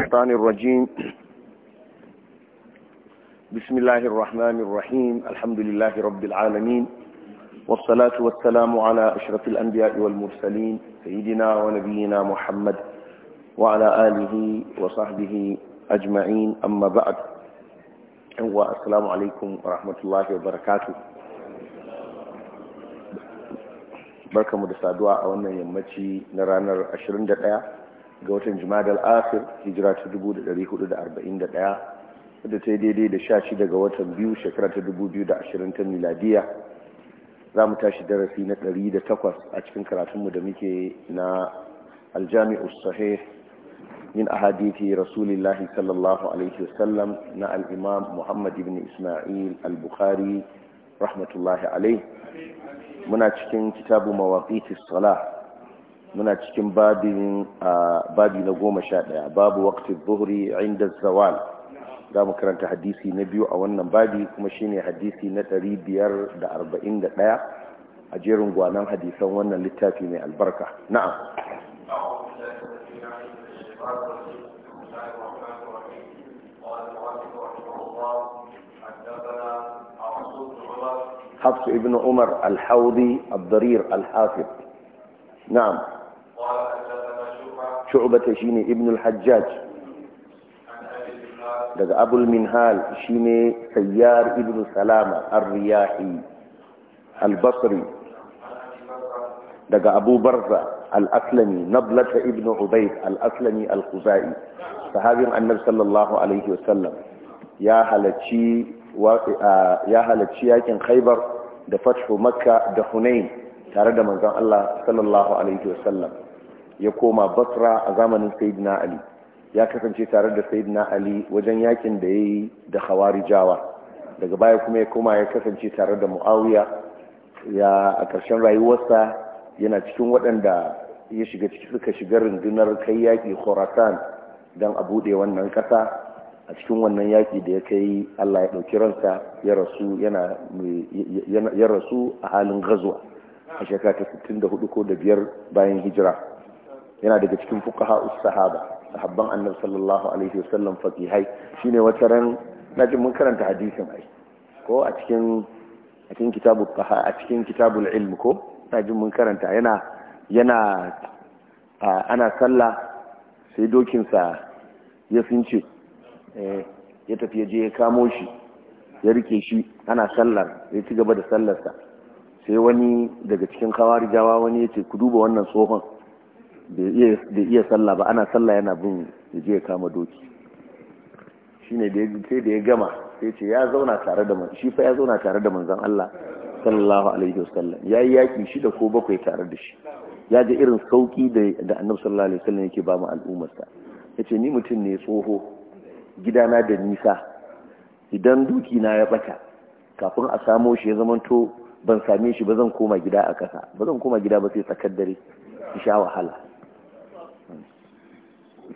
الشيطان الرجيم بسم الله الرحمن الرحيم الحمد لله رب العالمين والصلاة والسلام على أشرف الأنبياء والمرسلين سيدنا ونبينا محمد وعلى آله وصحبه أجمعين أما بعد السلام عليكم ورحمة الله وبركاته بركة da saduwa a wannan yammaci ga watan jimadar asir hijira ta 1441 wadda ta yi daidai da sha shi ga watan biyu shekara ta 2020 ta miladiya za mu tashi darasi na 108 a cikin karatunmu da muke na aljami'u sahih min ahadithi rasulillahi sallallahu alaihi wasallam na al'imam muhammad ibn isma'il al-bukhari rahmatullahi alaihi muna cikin kitabu mawaqitis salah muna cikin babin babi na goma sha ɗaya babu wakti zuhri inda zawal za mu karanta hadisi na biyu a wannan babi kuma shine hadisi na ɗari biyar da arba'in da ɗaya a jerin gwanon hadisan wannan littafi mai albarka na'am حفص ابن عمر الحوضي الضرير الحافظ نعم shu'bata shine ibn al-hajjaj daga abul minhal shine sayyar ibn salama ar-riyahi al-basri daga abu barza al-aslami nablata ibn ubayd al-aslami al-khuzai sahabin annabi sallallahu alaihi wasallam ya halacci ya halacci yakin khaybar da fathu makka da hunain tare da manzon Allah sallallahu alaihi wasallam ya koma basra a zamanin sayyidina ali ya kasance tare da sayyidina ali wajen yakin da ya yi da jawa daga baya kuma ya koma ya kasance tare da muawiya ya a ƙarshen rayuwarsa yana cikin waɗanda ya shiga ciki suka shiga rundunar kai yaƙi khorasan don a buɗe wannan ƙasa a cikin wannan yaƙi da ya kai allah ya ɗauki ransa ya rasu a halin gazuwa a shekara ta 64 ko da biyar bayan hijira yana daga cikin fukaha us-sahaba sahabban annabi sallallahu alaihi wasallam faqihai shine wata ran na jin mun karanta hadisin ai ko a cikin a cikin kitabu qaha a cikin kitabul ilm ko mun karanta yana yana ana salla sai dokin sa ya fince eh ya tafi je ya kamo shi ya rike shi ana sallar ya ci gaba da sallarsa sai wani daga cikin kawarijawa wani ya ce ku duba wannan tsohon bai iya sallah ba ana sallah yana bin ya je ya kama doki shine sai da ya gama sai ce ya zauna tare da shi fa ya zauna tare da manzan Allah sallallahu alaihi wasallam yayi shi da ko bakwai tare da shi ya ji irin sauƙi da da Annabi sallallahu alaihi wasallam yake ba mu ya ce ni mutum ne tsoho gidana da nisa idan duki na ya bata kafin a samo shi ya zamanto ban same shi ba zan koma gida a ƙasa ba zan koma gida ba sai tsakar dare sha wahala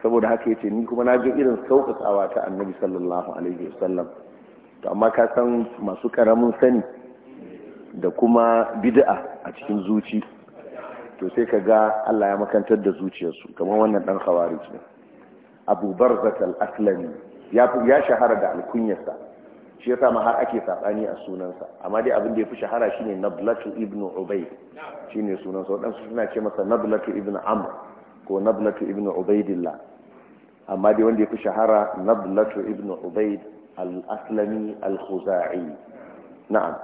saboda haka yace ni kuma na ji irin sauƙaƙawa ta annabi sallallahu alaihi wasallam to amma ka san masu karamin sani da kuma bid'a a cikin zuci to sai ka ga Allah ya makantar da zuciyarsu kamar wannan dan khawarij ne Abu Barzat al-Aslami ya ya shahara da alkunyarsa shi yasa ma har ake sabani a sunansa amma dai abin da yafi shahara shine Nablatu ibn Ubay shine sunansa wadansu suna ce masa Nablatu ibn Amr ko nablatu ibn ubaidillah amma dai wanda ya fi shahara nablatu ibn ubaid al-aslami al-khuzai na'am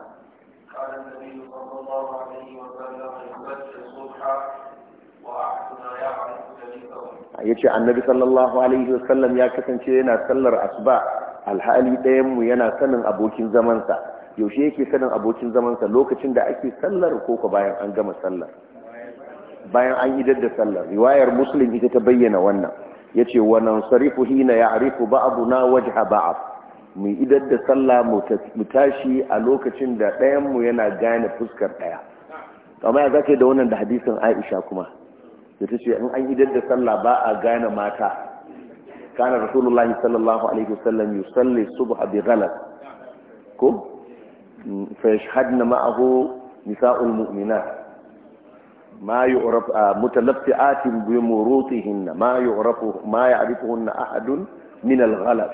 ya ce annabi sallallahu alaihi wasallam ya kasance yana sallar asuba alhali mu yana sanin abokin zamansa yaushe yake sanin abokin zamansa lokacin da ake sallar ko bayan an gama sallar bayan an idar da sallar riwayar muslim ita ta bayyana wannan ya ce wannan sarifu hina ya arifu na waje ba'ab mu idar da sallah mu tashi a lokacin da ɗayanmu yana gane fuskar ɗaya Kamar ya zaka da wannan da hadisin aisha kuma da ta ce in an idar da sallah ba a gane mata kana rasulullahi sallallahu alaihi wasallam salli, subha bi ghalat ko mm, fa yashhadna ma'ahu nisa'ul mu'minat ما يعرف متلفئات بمروطهن ما يعرف ما يعرفهن أحد من الغلط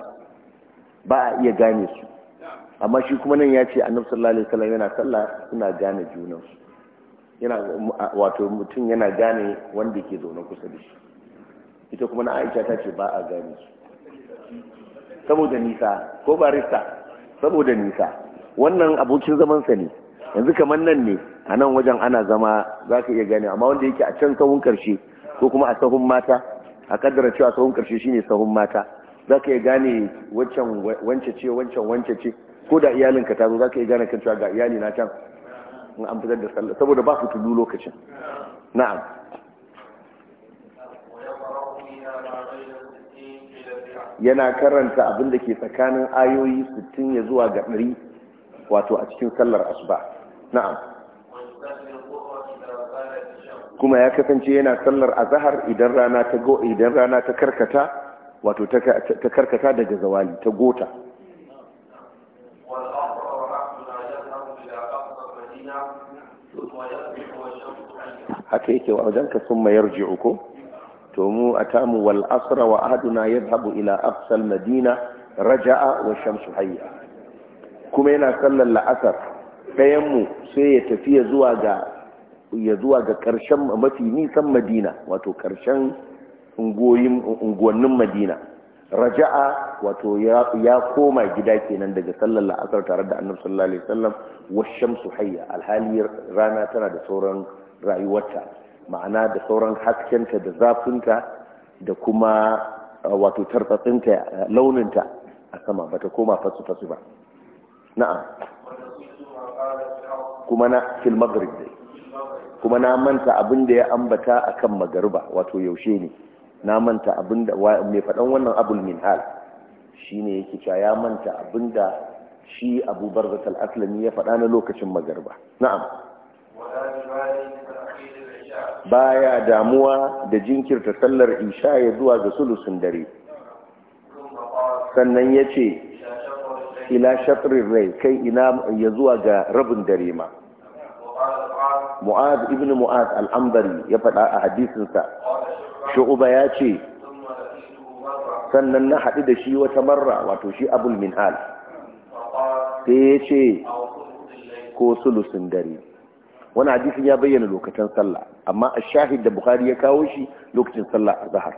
ba a iya gane su amma shi kuma nan ya ce annabi sallallahu alaihi wasallam yana sallah suna gane junan su yana wato mutum yana gane wanda ke zaune kusa da shi ita kuma na Aisha ta ce ba a gane su saboda nisa ko barista saboda nisa wannan abokin zaman sa ne yanzu kamar nan ne a nan wajen ana zama za ka iya gane amma wanda yake a can sahun karshe ko kuma a sahun mata a kaddara cewa sahun karshe shine sahun mata za ka iya gane wancan wance ce wancan wance ce ko da iyalinka ta zo za ka iya gane kan cewa ga iyali na can in an fitar da sallah saboda ba su tudu lokacin na'am yana karanta abin da ke tsakanin ayoyi 60 ya zuwa ga 100 wato a cikin sallar asuba na'am kuma ya kasance yana sallar azahar idan rana ta go idan rana ta karkata wato ta karkata daga zawali ta gota haka yake wa wajen ka sun mayar ji'u ko to mu a tamu wal asra wa ahaduna yadhhabu ila aqsal madina raja'a wa shamsu hayya kuma yana sallar la'asar ɗayan mu sai ya tafiya zuwa ga ya zuwa ga ƙarshen mafi nisan madina wato ƙarshen unguwannin madina raja'a wato ya koma gida kenan daga sallar la'asar tare da annabi sallallahu alaihi wasallam washamsu hayya alhali rana tana da sauran rayuwarta ma'ana da sauran haskenta da zafinta da kuma wato tartsatsinta launinta a sama bata koma fasu fasu ba na'am kuma na fil maghrib dai kuma na manta abin da ya ambata a kan magarba wato yaushe ne na manta abin da mai faɗan wannan abul minhal ne yake cewa ya manta abin da shi Abu da al ne ya faɗa na lokacin magarba na'am baya damuwa da jinkirta sallar isha ya zuwa ga sulusun dare sannan ya ce ila shafirin rai kai ina ya zuwa ga rabin dare ma mu'az ibn mu'az al'ambari ya faɗa a hadisinsa shu'uba ya ce sannan na haɗu da shi wata marra wato shi abul minhal sai ya ce ko sulusun dare wani hadisin ya bayyana lokacin sallah amma a shahid da bukari ya kawo shi lokacin sallah a zahar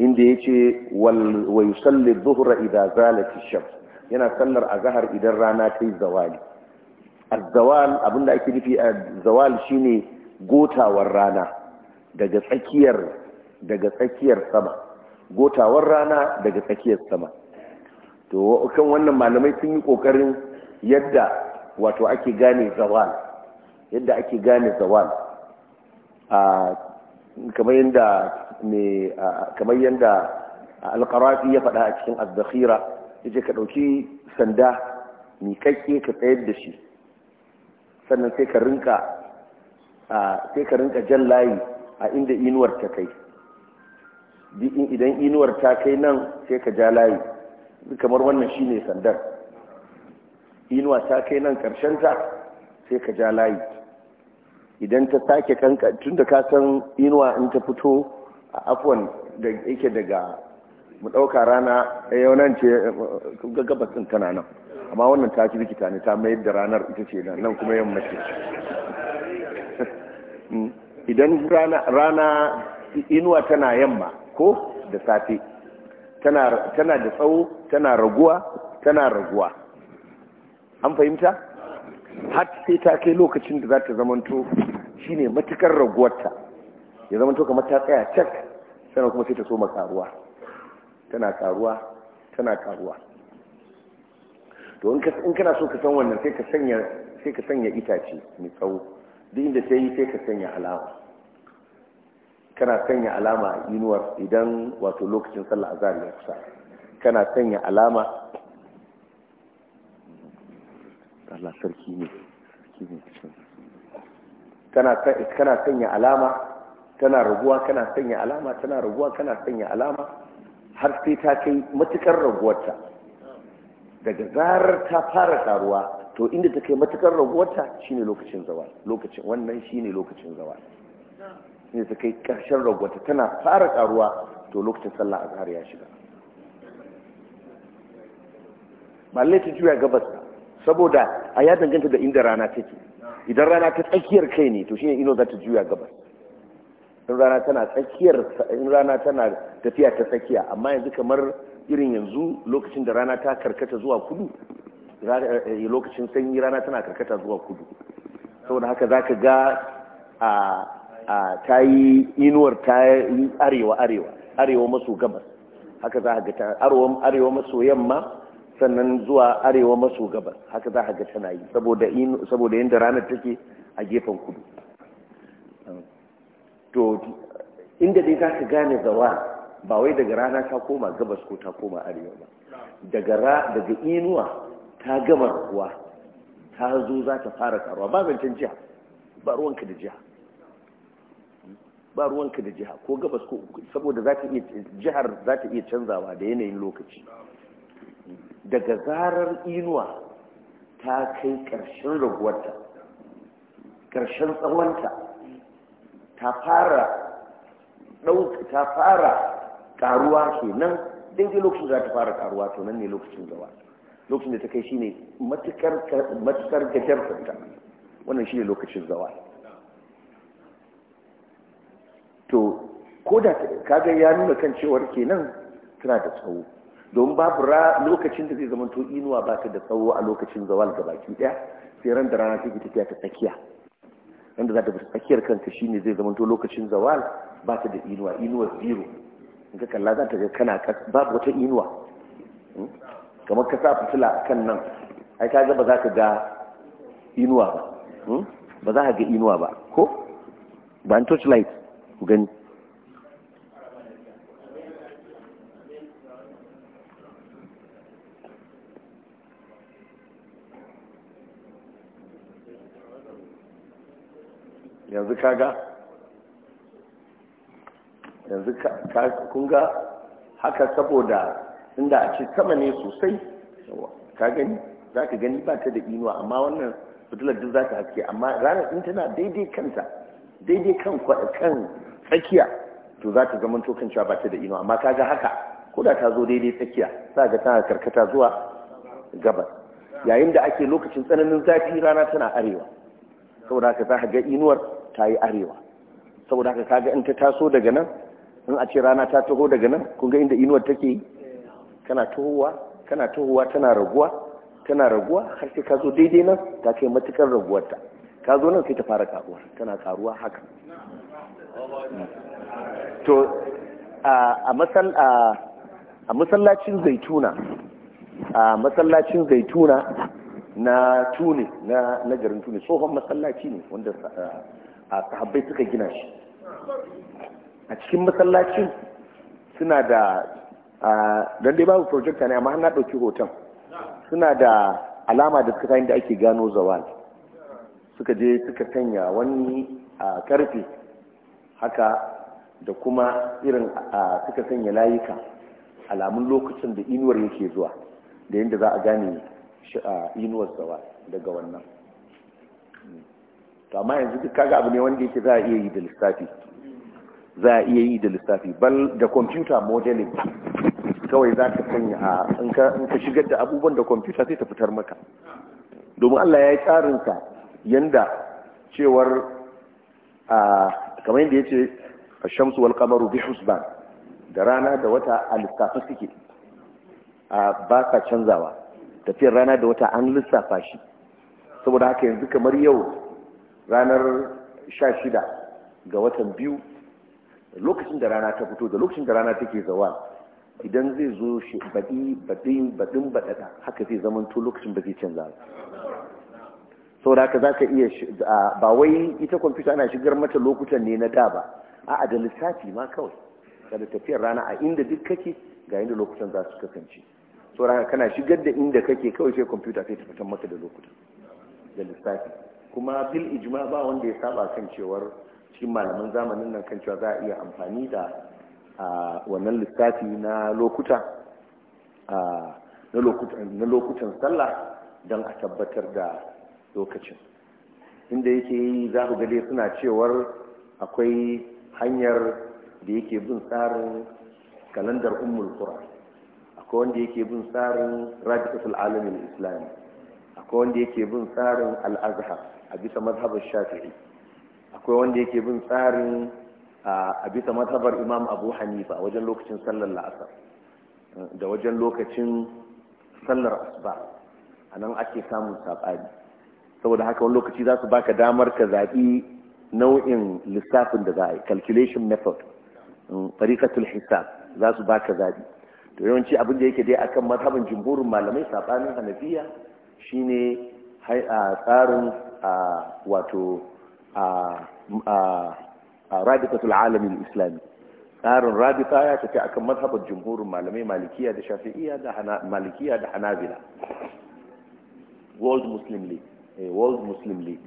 inda ya ce wa yusalli zuhura idan zalati shams yana sallar a zahar idan rana ta yi zawali abin da ake nufi zawal shine gotawar rana daga tsakiyar daga tsakiyar sama gotawar rana daga tsakiyar sama to kan wannan malamai sun yi kokarin yadda wato ake gane zawal yadda ake gane zawal a kamar yadda ne kamar yadda alqarafi ya faɗa a cikin az-zakhira yace ka dauki sanda mikakke ka tsayar da shi sannan sai ka rinka sai ka rinka jan layi a inda inuwar ta kai idan inuwar ta kai nan sai ka ja layi kamar wannan shine sandar inuwa ta kai nan ta sai ka ja layi idan ta sake kanka tunda ka san inuwa in ta fito a afwan da yake daga mu ɗauka rana yau nan ce gabas ɗin tana nan amma wannan ta ci rikita ne ta mayar da ranar ita ce nan nan kuma yamma ce idan rana inuwa tana yamma ko da safe tana da tsawo tana raguwa tana raguwa an fahimta har sai ta kai lokacin da za ta zamanto ne matukar raguwarta ya zamanto kamar ta tsaya cak sannan kuma sai ta so makaruwa tana karuwa tana karuwa to in kana so ka san wannan sai ka sanya sai ka sanya itace mai tsawo duk inda ta yi sai ka sanya alama kana sanya alama a inuwar idan wato lokacin sallah azhar ya kusa kana sanya alama Allah sarki ne sarki ne kana kana sanya alama tana rubuwa kana sanya alama tana raguwa kana sanya alama har sai ta kai matukar raguwarta daga zarar ta fara karuwa to inda ta kai matukar raguwarta shine lokacin zawal lokacin wannan shine lokacin zawal ne ta kai karshen raguwarta tana fara karuwa to lokacin sallah azhar ya shiga balle ta juya gabas ba saboda a ya danganta da inda rana take idan rana ta tsakiyar kai ne to shine ino za ta juya gabas in rana tana tsakiyar in rana tana tafiya ta tsakiya amma yanzu kamar irin yanzu lokacin da rana ta karkata zuwa kudu eh, lokacin sanyi rana tana karkata zuwa kudu saboda haka zaka ga a a ta yi inuwar ta yi arewa arewa arewa maso gabas haka za ga ta arewa maso yamma sannan zuwa arewa maso gabas haka za ga tana yi saboda saboda yanda ranar take a gefen kudu to inda dai za ka gane zawa ba wai daga rana ta koma gabas ko ta koma arewa ba daga ra daga inuwa ta gama ruwa ta zo za ta fara karuwa ba zancen jiha ba ruwanka da jiha ba ruwanka da jiha ko gabas ko saboda za ta iya jihar za ta iya canzawa da yanayin lokaci daga zarar inuwa ta kai ƙarshen raguwarta ƙarshen tsawonta ta fara ɗauka ta fara ƙaruwa kenan daidai lokacin za ta fara ƙaruwa to nan ne lokacin gaba lokacin da ta kai shine matukar gajar ta wannan shine lokacin zawa to ko da kaga ya nuna kan cewar kenan tana da tsawo don babu ra lokacin da zai zama to inuwa ba ta da tsawo a lokacin zawal gabaki daya sai ran da rana take tafiya ta tsakiya inda za ta fi tsakiyar kanka shi ne zai zama to lokacin zawal ba ta da inuwa inuwa zero in ka kalla za ta ga kana babu wata inuwa hmm? kamar ka sa fitila a kan nan ai ka ga ba za ka ga inuwa ba hmm? ba za ka ga inuwa ba ko ba an light ku gani yanzu kaga yanzu ka kunga haka saboda inda a ce sama ne sosai ka gani za ka gani ba ta da inuwa amma wannan fitilar duk za ta haske amma ranar din tana daidai kanta daidai kan kan tsakiya to za ta zama tokan cewa ba ta da inuwa amma kaga haka ko da ta zo daidai tsakiya za ga tana karkata zuwa gabas yayin da ake lokacin tsananin zafi rana tana arewa saboda haka za ka ga inuwar ta yi arewa saboda haka kaga in ta taso daga nan in a ce rana ta taho daga nan kun ga inda inuwar take yi kana tahowa kana tahowa tana raguwa tana raguwa har sai ka zo daidai nan ta kai matukar raguwarta ka zo nan sai ta fara karuwa tana karuwa haka to a a masallacin zaituna a masallacin zaituna na tuni na garin tuni tsohon masallaci ne wanda a sahabbai suka gina shi a cikin masallacin suna da don dai babu projecta ne amma na ɗauki hoton suna da alama da suka da ake gano zawal suka je suka sanya wani karfe haka da kuma irin suka sanya layuka alamun lokacin da inuwar yake zuwa da yadda za a gane inuwar zawal daga wannan amma yanzu duk kaga abu ne wanda yake za a iya yi da lissafi za a iya yi da lissafi bal da computer modeling kawai za ka sanya a in ka shigar da abubuwan da computer sai ta fitar maka domin Allah ya yi tsarin tsarinsa yanda cewar a kamar yadda ya ce a shamsu wal kamaru bi husban da rana da wata a lissafa suke a ba ka canzawa tafiyar rana da wata an lissafa shi saboda haka yanzu kamar yau ranar sha shida ga watan biyu lokacin da rana ta fito da lokacin da rana take zawa idan zai zo shi baɗi baɗin baɗin baɗaɗa haka zai zama to lokacin ba zai canza da haka za ka iya ba wai ita kwamfuta ana shigar mata lokutan ne na da ba a'a da lissafi ma kawai da tafiyar rana a inda duk kake ga inda lokutan za su kasance da haka kana shigar da inda kake kawai sai kwamfuta sai ta mata da lokutan da lissafi kuma bil ijma ba wanda ya saba kan cewar cikin malaman zamanin nan kan cewa za a iya amfani da wannan lissafi na lokuta na lokutan sallah don a tabbatar da lokacin inda yake yi za ku gade suna cewar akwai hanyar da yake bin tsarin kalandar ummul kura akwai wanda yake bin tsarin rabitul alamin islami akwai wanda yake bin tsarin al a bisa mazhabar shafi'i akwai wanda yake bin tsarin a bisa mazhabar imam abu hanifa wajen lokacin sallar la'asar da wajen lokacin sallar asuba a nan ake samun saɓani saboda haka wani lokaci za su baka damar ka zaɓi nau'in lissafin da za a yi calculation method farikatul mm, hisab za su baka zaɓi to yawanci abin da yake dai akan mazhabin jumhurin malamai saɓanin hanafiya shine tsarin wato rabitatul alamin islami tsarin rabita ya tafi akan mazhabar jumhurin malamai malikiya da shafi'iyya da malikiya da hanabila world muslim league eh, world muslim league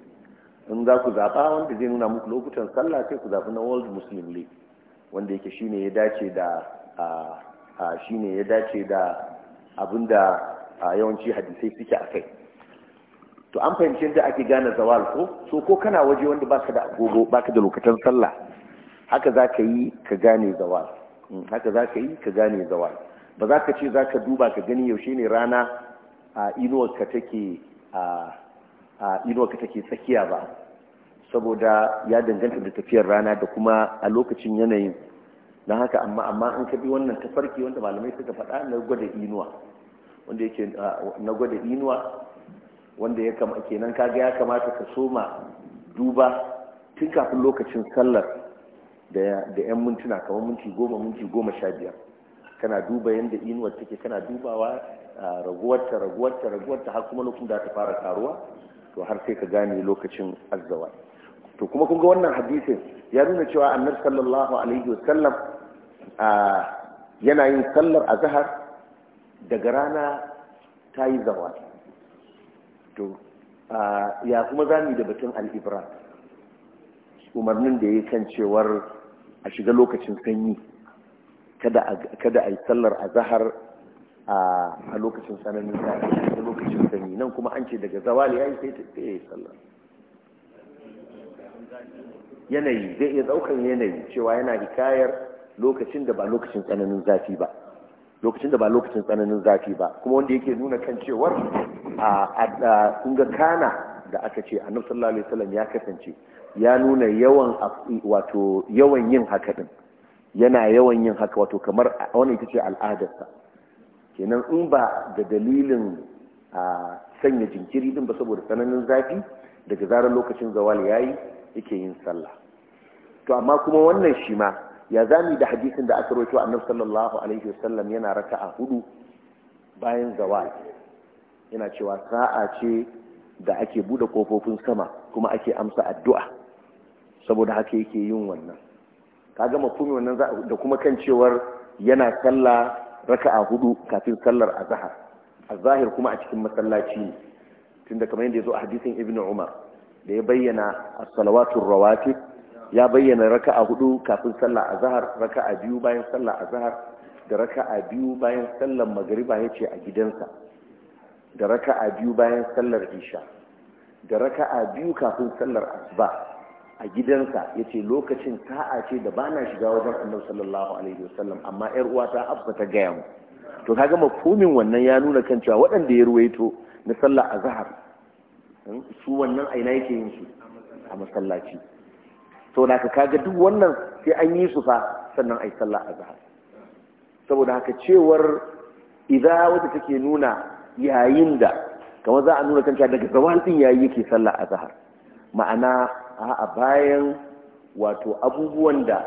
in za ku zaɓa wanda zai nuna muku lokutan sallah sai ku zaɓi na world muslim league wanda yake shine ya dace da shine ya dace da abinda yawanci hadisai suke a kai to an fahimci yadda ake gane zawal ko so ko kana waje wanda baka da agogo baka da lokacin sallah haka za ka yi ka gane zawal mm, haka za ka yi ka gane zawal ba za ka ce za ka duba ka gani yaushe ne rana a inuwarka take a inuwarka take tsakiya ba saboda ya danganta da tafiyar rana da kuma a lokacin yanayin don haka amma amma an kabi wannan tafarki wanda malamai suka faɗa na gwada inuwa wanda yake na gwada inuwa wanda ya kama kenan kaga ya kamata ka soma duba tun kafin lokacin sallar da 'yan mintuna kamar minti goma minti goma sha biyar kana duba yadda inuwar take kana dubawa raguwarta raguwarta raguwarta har kuma lokacin da ta fara karuwa to har sai ka gane lokacin azzawa to kuma kun ga wannan hadisin ya nuna cewa annar sallallahu alaihi wasallam yana yin sallar a zahar daga rana ta yi zawa to ya kuma zami da batun al'ibra umarnin da ya kan cewar a shiga lokacin sanyi kada a yi sallar a zahar a lokacin sananin da lokacin sanyi nan kuma an ce daga zawali ya yi sai ta yi sallar yanayi zai iya daukan yanayi cewa yana hikayar lokacin da ba lokacin tsananin zafi ba lokacin da ba lokacin tsananin zafi ba kuma wanda yake nuna kan cewar a kun kana da aka ce annabi sallallahu alaihi wasallam ya kasance ya nuna yawan wato yawan yin haka din yana yawan yin haka wato kamar wani ita ce al'adarsa kenan in ba da dalilin a sanya jinkiri din ba saboda tsananin zafi daga zarar lokacin zawal yayi yake yin sallah to amma kuma wannan shi ma ya zami da hadisin da aka rawaito annabi sallallahu alaihi wasallam yana raka'a hudu bayan zawal yana cewa sa'a ce da ake bude kofofin sama kuma ake amsa addu'a saboda haka yake yin wannan kaga mafhumi wannan da kuma kan cewar yana sallah raka'a hudu kafin sallar azhar azahir kuma a cikin masallaci ne tunda kamar yadda yazo a hadisin ibnu umar da ya bayyana as-salawatur rawatib ya bayyana raka'a hudu kafin sallah azhar raka'a biyu bayan sallah azhar da raka'a biyu bayan sallar magriba yace a gidansa da raka'a biyu bayan sallar isha da raka'a biyu kafin sallar asuba a gidansa yace lokacin ta'a ce da bana shiga wajen Annabi sallallahu alaihi wasallam amma yar uwata Abba ta gaya mu to kaga mafhumin wannan ya nuna kan cewa waɗanda ya ruwaito na sallar azhar hmm, su wannan aina yake yin su a masallaci to na ka kaga duk wannan sai an yi su fa sannan ai sallah azhar saboda haka cewar idza wata take nuna yayin da kamar za a nuna kanta daga zaman din yayi yake sallah azhar ma'ana a bayan wato abubuwan da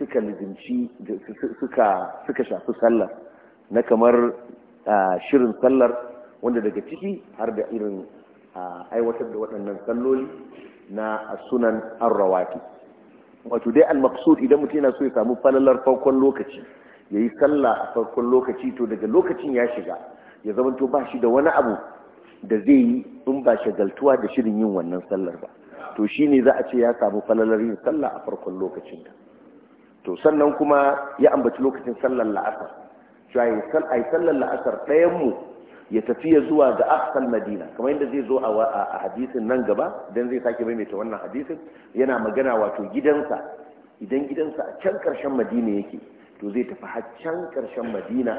suka lizinci suka suka shafi sallar na kamar shirin sallar wanda daga ciki har da irin aiwatar da waɗannan salloli na sunan arrawaki wato dai al-maqsud idan mutum yana so ya samu falalar farkon lokaci yayi sallah a farkon lokaci to daga lokacin ya shiga ya zama to ba shi da wani abu da zai yi in ba shagaltuwa da shirin yin wannan sallar ba to shine za a ce ya samu falalar yin sallah a farkon lokacin da to sannan kuma ya ambaci lokacin sallar la'asar cewa ai sallar la'asar ɗayan mu ya tafi ya zuwa ga aqsal madina kamar yadda zai zo a hadisin nan gaba dan zai sake mai ta wannan hadisin yana magana wato gidansa idan gidansa a can karshen madina yake to zai tafi har can karshen madina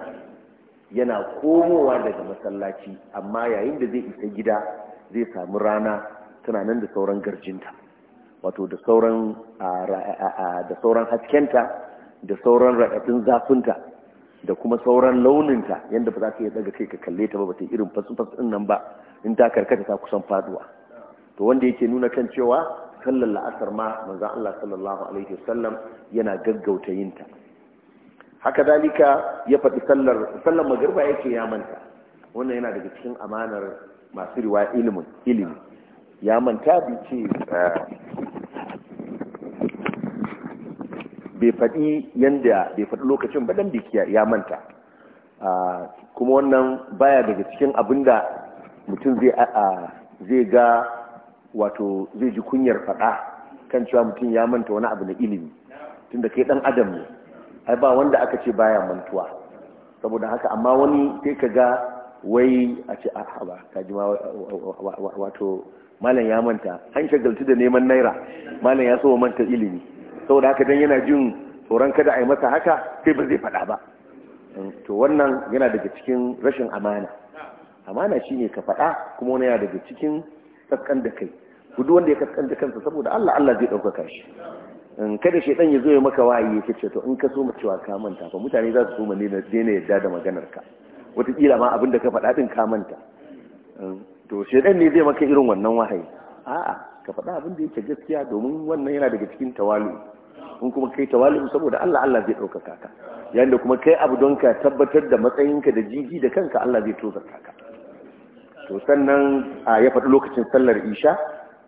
yana komowa daga masallaci amma yayin da zai isa gida zai samu rana tana nan da sauran garjinta wato da sauran da sauran haskenta da sauran raɗaɗin zafinta da kuma sauran launinta yadda ba za ka iya daga kai ka kalle ta ba ba ta irin fasfas din nan ba in ta karkata ta kusan faduwa to wanda yake nuna kan cewa sallar la'asar ma manzo Allah sallallahu alaihi wasallam yana gaggauta yinta haka dalika ya faɗi sallar sallar magriba yake ya manta wannan yana daga cikin amanar masu riwaya ilimin ilimi ya manta bi ce eh, bai faɗi yanda bai faɗi lokacin ba dan bai ya manta kuma wannan baya daga cikin abinda mutum zai ga wato zai ji kunyar faɗa kan cewa mutum ya manta wani abu na ilimi tunda kai ɗan adam ne ai ba wanda aka ce baya mantuwa saboda haka amma wani sai ka ga wai a ce a ah, ba ka ji wato malam ya manta an shagaltu da neman naira malam ya so manta ilimi saboda haka dan yana jin tsoron kada a yi masa haka sai ba zai faɗa ba to wannan yana daga cikin rashin amana amana shine ka faɗa kuma wani yana daga cikin kaskan da kai gudu wanda ya kaskan da kansa saboda Allah Allah zai ɗaukaka shi kada shi ɗan ya zo ya maka waye ya ce to in ka so cewa ka manta fa mutane za su so mane na daina yadda da maganar ka wataƙila ma abin da ka faɗa din ka manta to shaidan ne zai maka irin wannan wahayi a'a ka faɗa abin da yake gaskiya domin wannan yana daga cikin tawalu in kuma kai tawali saboda Allah Allah zai ɗaukaka ka yayin da kuma kai abu don ka tabbatar da matsayinka da jiji da kanka Allah zai tozarta ka to sannan ya faɗi lokacin sallar isha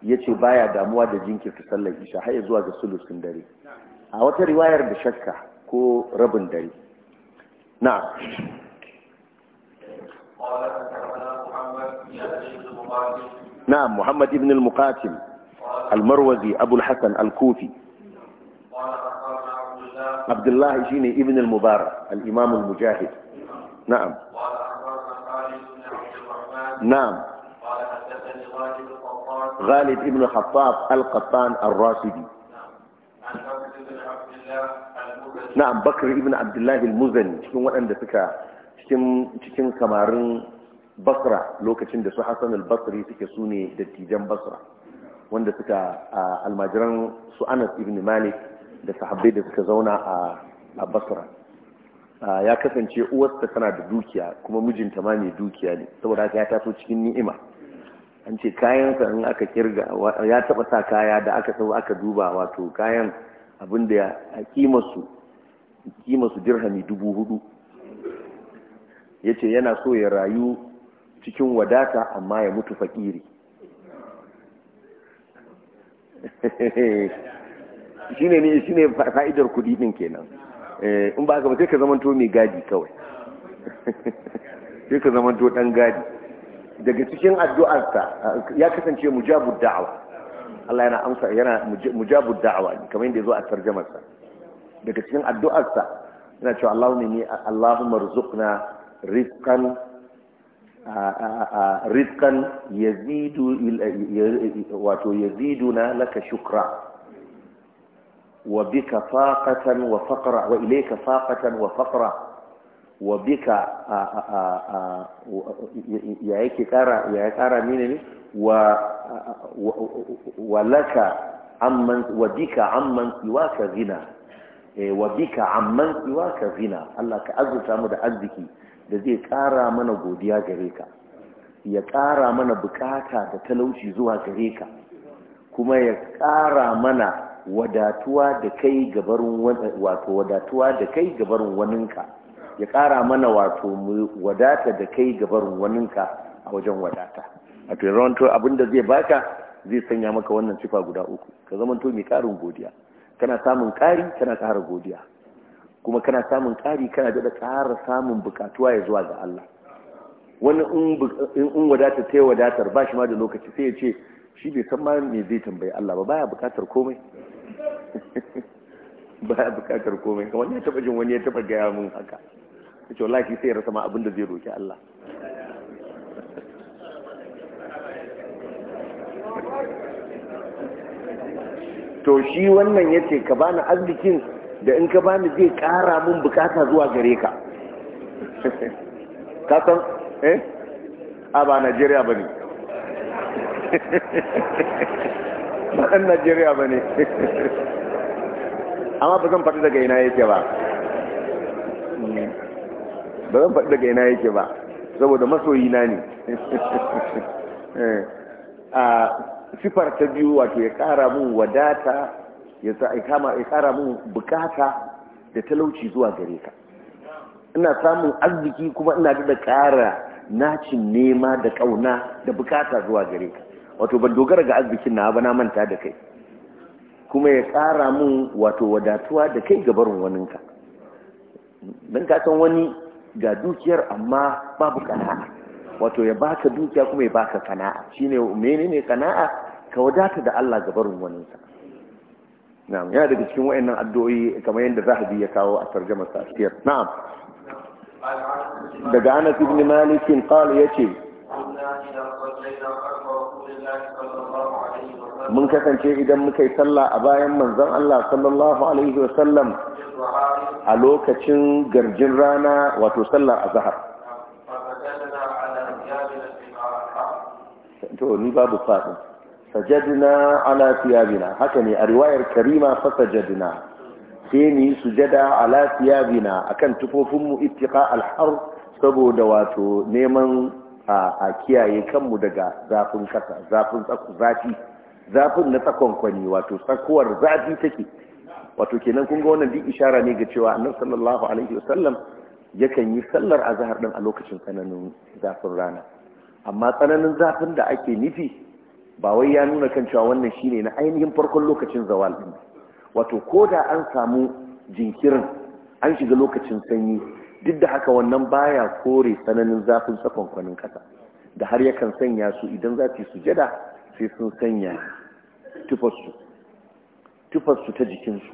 ya ce baya damuwa da jinkirta sallar isha har zuwa ga sulusin dare a wata riwayar da shakka ko rabin dare na نعم محمد بن المقاتل المروزي أبو الحسن الكوفي kuma abdullahi shine ibn al-mubarak al-imam al-mujahid na'am na'am ابن خطاب القطان الراشدي na'am bakar ibn abdullahi al-muzani cikin waɗanda suka cikin samarin basra lokacin da su hassan al-basri suke su ne dattijan basra wanda suka almajiran su anas ibn malik da sahabbai da suka zauna a basra ya kasance uwarsa tana da dukiya kuma mijinta ma mai dukiya ne saboda haka ya taso cikin ni'ima an ce kayansa in aka kirga ya taba sa kaya da aka sau aka duba wato kayan abin da a kimarsu dirhami dubu hudu ya ce yana so ya rayu cikin wadata amma ya mutu fakiri shine ne shine fa'idar kuɗi din kenan eh, in ba ka ba sai ka zamanto mai gadi kawai sai ka zamanto dan gadi daga cikin addu'arsa eh, ya kasance mujabud da'awa Allah yana amsa yana mujabud da'awa kamar yadda yazo a tarjumarsa daga cikin addu'arsa yana cewa Allahumma inni Allahumma rzuqna rizqan rizqan yazidu wato yaziduna laka shukra wa bika faqatan wa faqra wa ilayka faqatan wa faqra wa bika ya yake kara wa bika amman siwaka zina wa bika amman siwaka zina Allah ka azurta mu da arziki da zai ƙara mana godiya gare ka ya ƙara mana bukata da talauci zuwa gare ka kuma ya ƙara mana wadatuwa da kai gabarin wato wadatuwa da kai gabarin waninka ya kara mana wato wadata da kai gabarin waninka a wajen wadata a to abinda zai baka zai sanya maka wannan sifa guda uku ka zama to mai karin godiya kana samun ƙari kana ƙara godiya kuma kana samun ƙari kana daɗa ƙara samun bukatuwa ya zuwa ga Allah wani in wadata ta wadatar ba shi ma da lokaci sai ya ce shi bai san ma me zai tambayi Allah ba baya bukatar komai ba ya bukatar komai kamar ya taba jin wani ya taba gaya mun haka ta ce wallahi sai ya rasa ma abin da zai roki Allah to shi wannan ya ce ka bani arzikin da in ka bani zai kara mun bukata zuwa gare ka ka san eh a ba Najeriya ba ne ba Najeriya ba ne amma ba zan faɗi daga ina yake ba ba zan faɗi daga ina yake ba saboda masoyi na ne eh. a sifar ta biyu wato ya ƙara mun wadata ya ƙara mun bukata da talauci zuwa gare ka ina samun arziki kuma ina da ƙara nacin nema da ƙauna da bukata zuwa gare ka wato ban dogara ga arzikin na ba na manta da kai kuma ya ƙara mun wato wadatuwa da kai gabarin waninka don ka wani ga dukiyar amma babu kana'a wato ya baka dukiya kuma ya baka kana'a shine menene kana'a ka wadata da Allah gabarin waninka na'am yana daga cikin wayannan addu'o'i kamar yadda Zahabi ya kawo a tarjumar sa na'am daga Anas ibn Malik qala yace mun kasance idan muka yi sallah a bayan manzon Allah sallallahu alaihi wasallam a lokacin garjin rana wato sallar azhar to ni babu fadin sajadna ala thiyabina haka ne a riwayar karima fa sajadna sai ni sujada ala thiyabina akan tufofin mu ittiqa al saboda wato neman a kiyaye kanmu daga zafin kasa zafin zafi zafin na tsakon wato tsakowar zafi take wato kenan kun ga wannan duk ishara ne ga cewa annabi sallallahu alaihi wasallam yakan yi sallar azhar din a lokacin tsananin zafin rana amma tsananin zafin da ake nufi ba wai ya nuna kan cewa wannan shine na ainihin farkon lokacin zawal din wato ko da an samu jinkirin an shiga lokacin sanyi duk da haka wannan baya kore tsananin zafin kwanin kasa da har yakan sanya su idan za su sujada sai sun sanya tufarsu tufarsu ta jikinsu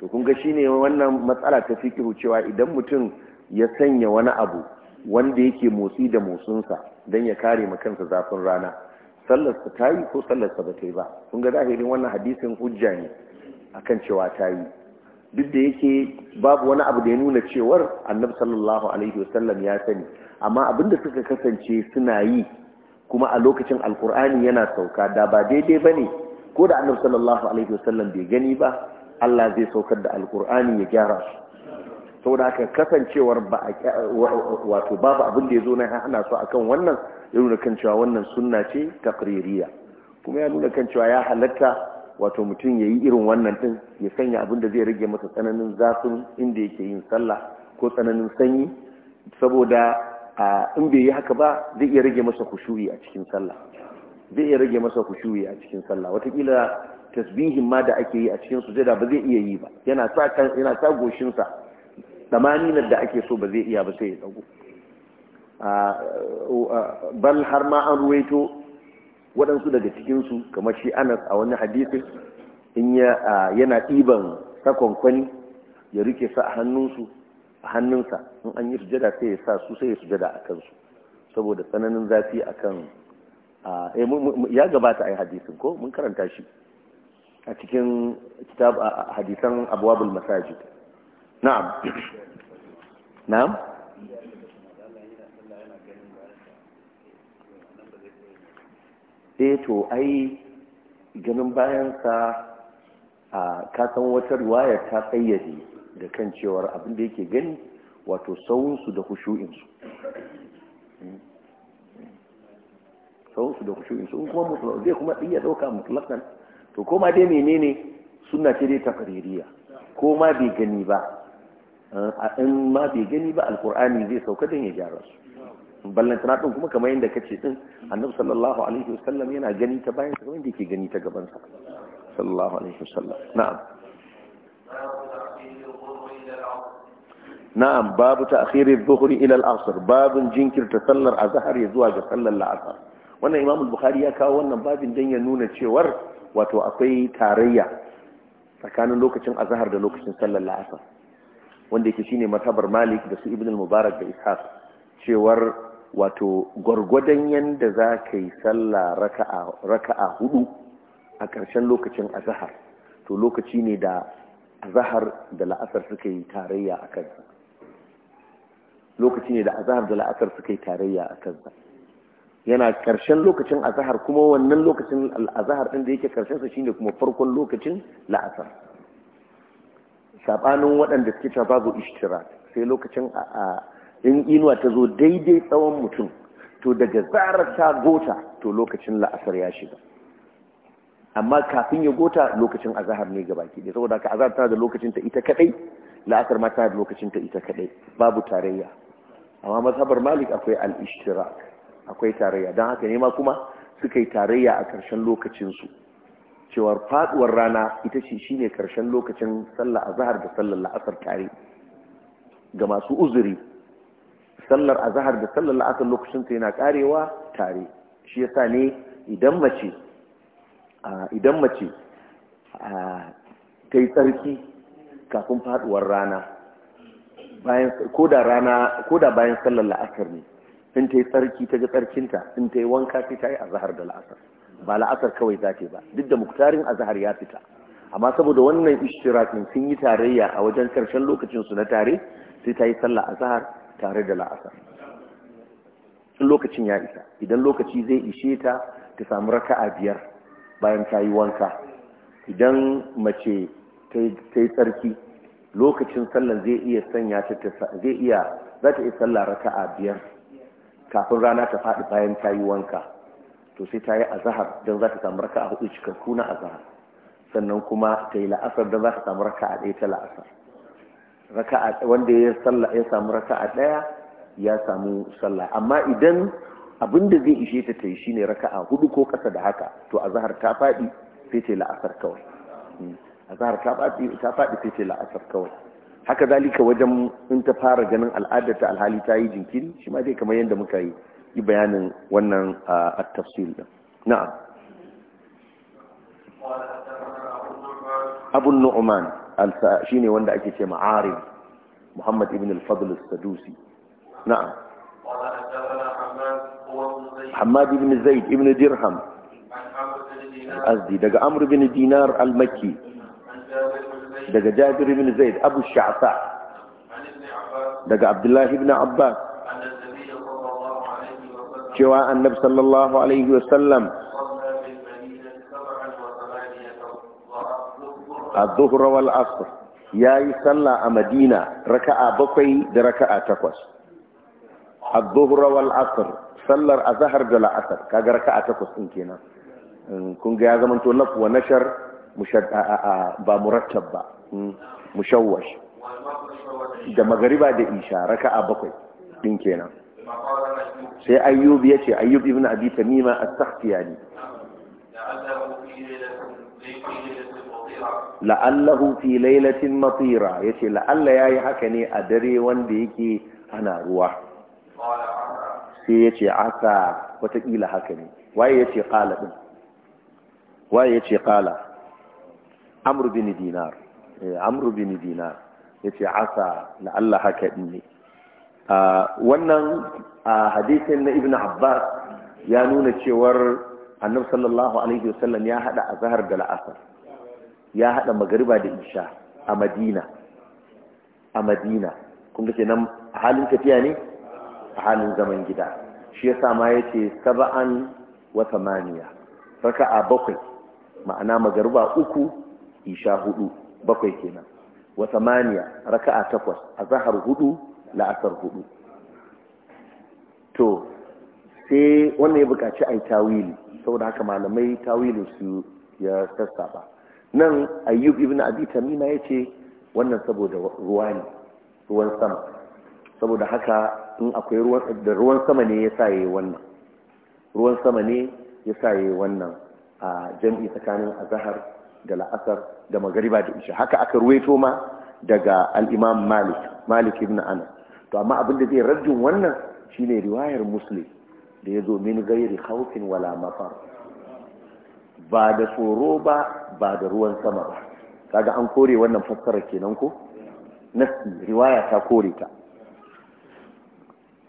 to kun ga ne wannan matsala ta fikihu cewa idan mutum ya sanya wani abu wanda yake motsi da motsinsa don ya kare ma kansa zafin rana sallarsa ta yi ko sallarsa ba ta yi ba kun ga zahirin wannan hadisin hujja ne akan cewa ta yi duk da yake babu wani abu da ya nuna cewar annabi sallallahu alaihi wasallam ya sani amma abinda suka kasance suna yi kuma a lokacin alkur'ani yana sauka da ba daidai ba ne ko da annabi sallallahu alaihi wasallam bai gani ba Allah zai saukar da alkur'ani ya gyara su saboda haka kasancewar ba wato babu abin da ya zo na hana su akan wannan ya nuna kan cewa wannan sunna ce takririya kuma ya nuna kan cewa ya halatta wato mutum ya yi irin wannan ɗin ya sanya abin da zai rage masa tsananin zafin inda yake yin sallah ko tsananin sanyi saboda in bai yi haka ba zai iya rage masa kushuyi a cikin sallah zai iya rage masa kushuyi a cikin sallah watakila tasbihin ma da ake yi a cikin su sujada ba zai iya yi ba yana sa kan yana sa goshinsa damaninar da ake so ba zai iya ba sai ya dago bal har ma an ruwaito waɗansu daga cikinsu kamar shi anas a wani hadisin in yana ɗiban sakon kwani ya rike sa a hannunsu a hannunsa in an yi sujada sai ya sa su sai ya sujada a kansu saboda tsananin zafi a kan eh, ya gabata a yi hadisin ko mun karanta shi a cikin kitab hadisan abuwa masajid na'am na'am sai to ai ganin bayansa a kasan wata riwaya ta tsayyade da kan cewar abin da yake gani wato sauransu da hushu'insu sauransu da hushu'insu in kuma musulman zai kuma iya ɗauka musulman to koma dai menene suna ce dai takaririya ko ma bai gani ba in ma bai gani ba alkur'ani zai sauka don ya gyara su ballantana ɗin kuma kamar yadda kace ɗin annabi sallallahu alaihi wasallam yana gani ta bayan sa kamar yadda yake gani ta gaban sa sallallahu alaihi wasallam na'am na'am babu ta'khiri adh-dhuhri ila al-'asr babun jinkirta sallar azhar ya zuwa ga sallar al-'asr wannan imamul al-bukhari ya kawo wannan babin dan ya nuna cewar wato akwai tarayya tsakanin lokacin azhar da lokacin sallar al-'asr wanda yake shine matabar malik da su ibn al-mubarak da ishaq cewar wato gwargwadon yadda za ka yi sallah raka'a hudu a ƙarshen lokacin azahar to lokaci ne da azahar da la'asar suka yi tarayya a kansa lokaci ne da azahar da la'asar suka yi tarayya a kansa yana ƙarshen lokacin azahar kuma wannan lokacin azahar ɗin da yake sa shine kuma farkon lokacin la'asar saɓanin waɗanda suke cewa babu ishtira sai lokacin a in inuwa ta zo daidai tsawon mutum to daga zarar ta gota to lokacin la'asar ya shiga amma kafin ya gota lokacin azahar ne ga baki da saboda ka azahar tana da lokacin ta ita kadai la'asar ma tana da lokacin ta ita kadai babu tarayya amma mazhabar malik akwai al-ishtirak akwai tarayya don haka ne ma kuma suka yi tarayya a ƙarshen lokacinsu cewar faduwar rana ita ce shine karshen lokacin sallah azahar da sallar la'asar tare ga masu uzuri sallar azahar da sallar la'asar lokacin ta yana karewa tare shi yasa ne idan mace idan mace ta yi tsarki kafin faduwar rana ko da bayan sallar la'asar ne in ta yi tsarki ta ga tsarkinta in ta yi wanka sai ta yi zahar da la'asar ba la'asar kawai za ta ba duk da muktarin azahar ya fita amma saboda wannan ishtirakin sun yi tarayya a wajen karshen lokacinsu na tare sai ta yi sallar azahar tare da la'asar in lokacin ya isa idan lokaci zai ishe ta ta samu raka'a biyar bayan ta yi wanka idan mace ta yi tsarki lokacin sallan zai iya sanya ta zai iya za ta iya raka raka'a biyar kafin rana ta faɗi bayan ta yi wanka to sai ta yi a zahar don za ta samu a hudu cikakku na zahar sannan kuma ta yi la'asar don za ta samu a ɗaya ta la'asar raka'a wanda ya salla ya samu raka'a daya ya samu sallah amma idan abinda zai ishe ta tayi shine raka'a hudu ko kasa da haka to azhar ta fadi sai ta la'asar kawai hmm. azhar ta ta fadi sai ta la'asar kawai haka zalika wajen in ta fara ganin al'adar ta alhali ta yi jinkiri shi ma zai kamar yadda muka yi yi bayanin wannan a tafsil din na'am abun nu'man shine wanda ake ce ma'arib muhammad ibn al-fadl as-sadusi na'am hamad ibn zaid ibn dirham azdi daga amr ibn dinar al-makki daga jabir ibn zaid abu sha'sa daga abdullahi ibn abbas cewa annab sallallahu alaihi wa sallam. az-zuhr wal asr yayi sallah a Madina raka'a bakwai da raka'a takwas az-zuhr wal sallar azahar da la'asar kaga raka'a takwas din kenan kun ya zamanto naf wa nashar ba murattab ba mushawwash da magariba da isha raka'a bakwai din kenan sai ayyub yace ayyub ibn abi a as-sakhtiyani la'allahu fi lailatin matira yace la'alla yayi haka ne a dare wanda yake ana ruwa sai yace asa watakila haka ne waye yace qala din waye yace qala amr bin dinar eh, amr bin dinar yace asa la'alla haka din ne wannan hadisin na ibnu abbas ya nuna cewar annabi sallallahu alaihi wasallam ya hada azhar da la'asar ya haɗa magariba da isha a madina a madina kun ga kenan halin tafiya ne a halin zaman gida shi yasa ma yace saba'an wa thamaniya raka'a bakwai ma'ana magariba uku isha hudu bakwai kenan wa thamaniya raka'a takwas azhar hudu la'asar hudu to sai wannan ya buƙaci ai tawili saboda haka malamai tawilin su ya sassaba nan ayyub ibn abi tamima yace wannan saboda ruwa ne ruwan sama saboda haka in akwai ruwan da ruwan sama ne yasa yayi wannan ruwan sama ne yasa yayi wannan a jami'i tsakanin azhar da la'asar da magriba da isha haka aka ruwaito ma daga al-imam malik malik ibn Ana. to amma abin da zai rajin wannan shine riwayar muslim da yazo min ghairi khawfin wala mafar ba da tsoro ba ba da ruwan sama ba kaga an kore wannan fassara kenan ko nasi riwaya ta kore ta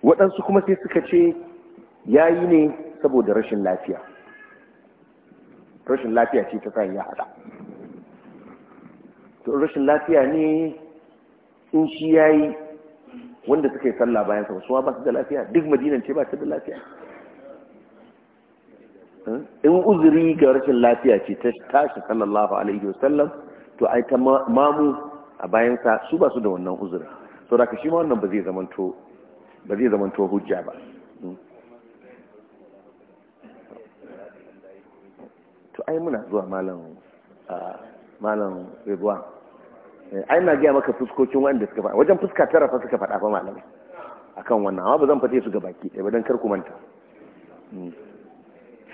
waɗansu kuma sai suka ce ya yi ne saboda rashin lafiya rashin lafiya ce ta sa ya haɗa to rashin lafiya ne in shi ya yi wanda suka yi sallah bayan sa suwa ba su da lafiya duk madinan ce ba su da lafiya in uzuri ga rashin lafiya ce ta tashi sallallahu alaihi wasallam to ai ta mamu a bayan sa su ba su da wannan uzuri, to da shi ma wannan ba zai zamanto ba zai zamanto hujja ba to ai muna zuwa malam malam rebuwa eh, ai na gaya maka fuskokin wanda suka faɗa wajen fuska tara fa suka faɗa fa malamai akan wannan amma ba zan fate su ga baki ɗaya ba don kar ku manta hmm.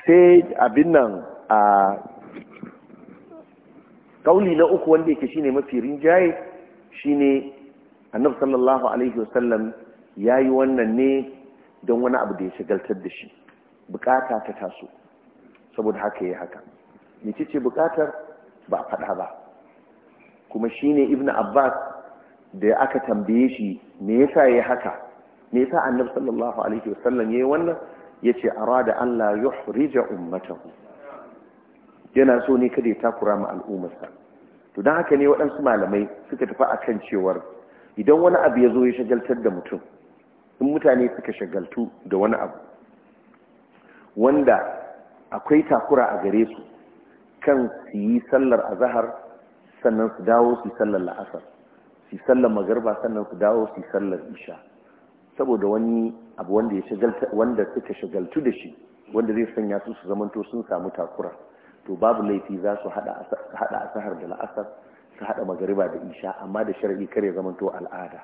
sai abin nan a kauli na uku wanda yake shine mafi rinjaye shine annabi sallallahu alaihi wasallam yayi wannan ne don wani abu da ya shigaltar da shi bukata ta taso saboda haka yayi haka ni ce bukatar ba faɗa ba kuma shine ibnu abbas da aka tambaye shi me yasa yayi haka me yasa annabi sallallahu alaihi wasallam yayi wannan yace arada an la yuhrija ummatahu yana so ne kada ya takura ma al'ummarsa to dan haka ne waɗansu malamai suka tafi a kan cewar idan wani abu ya zo ya shagaltar da mutum in mutane suka shagaltu da wani abu wanda akwai takura a gare su kan su yi sallar azahar sannan su dawo su sallar la'asar su sallar magarba sannan su dawo su sallar isha saboda wani abu wanda ya shagalta wanda suka shagaltu da shi wanda zai sanya su su zamanto sun samu takura to babu laifi za su hada asahar da la'asar su hada magariba da isha amma da sharadi kare zamanto al'ada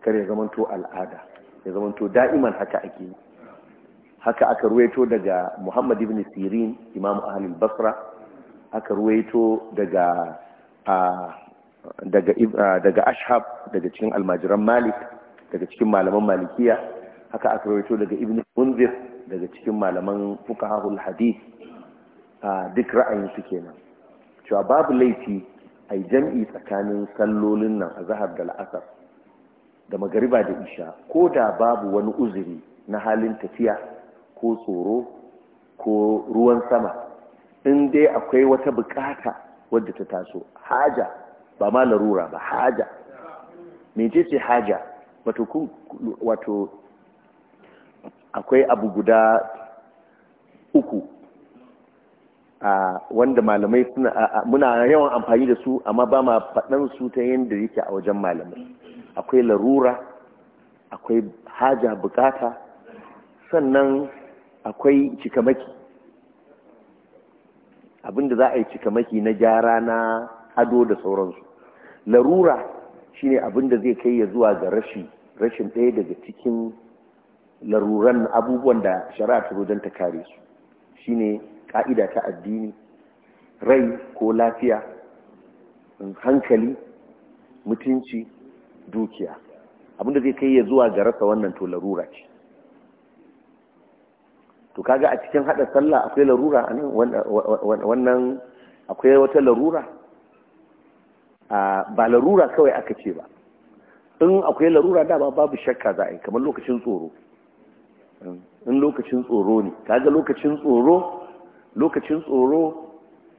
kare zamanto al'ada ya zamanto da'iman haka ake haka aka ruwaito daga Muhammad ibn Sirin Imam Ahlul Basra aka ruwaito daga ah, daga ah, daga daga cikin almajiran Malik daga cikin malaman malikiya haka aka rawaito daga ibn munzir daga cikin malaman fuqahul hadith duk ra'ayin su kenan cewa babu laifi ai jam'i tsakanin sallolin nan azhar da al'asr da magariba da isha ko da babu wani uzuri na halin tafiya ko tsoro ko ruwan sama in dai akwai wata bukata wadda ta taso haja ba ma larura ba haja mece ce haja wato wato akwai abu guda uku a wanda malamai suna muna yawan amfani da su amma ba ma faɗan su ta yadda yake a wajen malamai akwai larura akwai haja bukata sannan akwai cikamaki abinda za a yi cikamaki na gyara na ado da sauransu larura shine abinda zai kai ya zuwa ga rashi rashin ɗaya daga cikin laruran abubuwan da shari'a ta wajen ta kare su shine ƙa'ida ta addini rai ko lafiya hankali mutunci dukiya abinda zai kai ya zuwa ga rasa wannan to larura ce to kaga a cikin hada sallah akwai larura anan wannan akwai wata larura ba larura kawai aka ce ba in akwai larura dama babu shakka za a yi kamar lokacin tsoro in lokacin tsoro ne kaga lokacin tsoro lokacin tsoro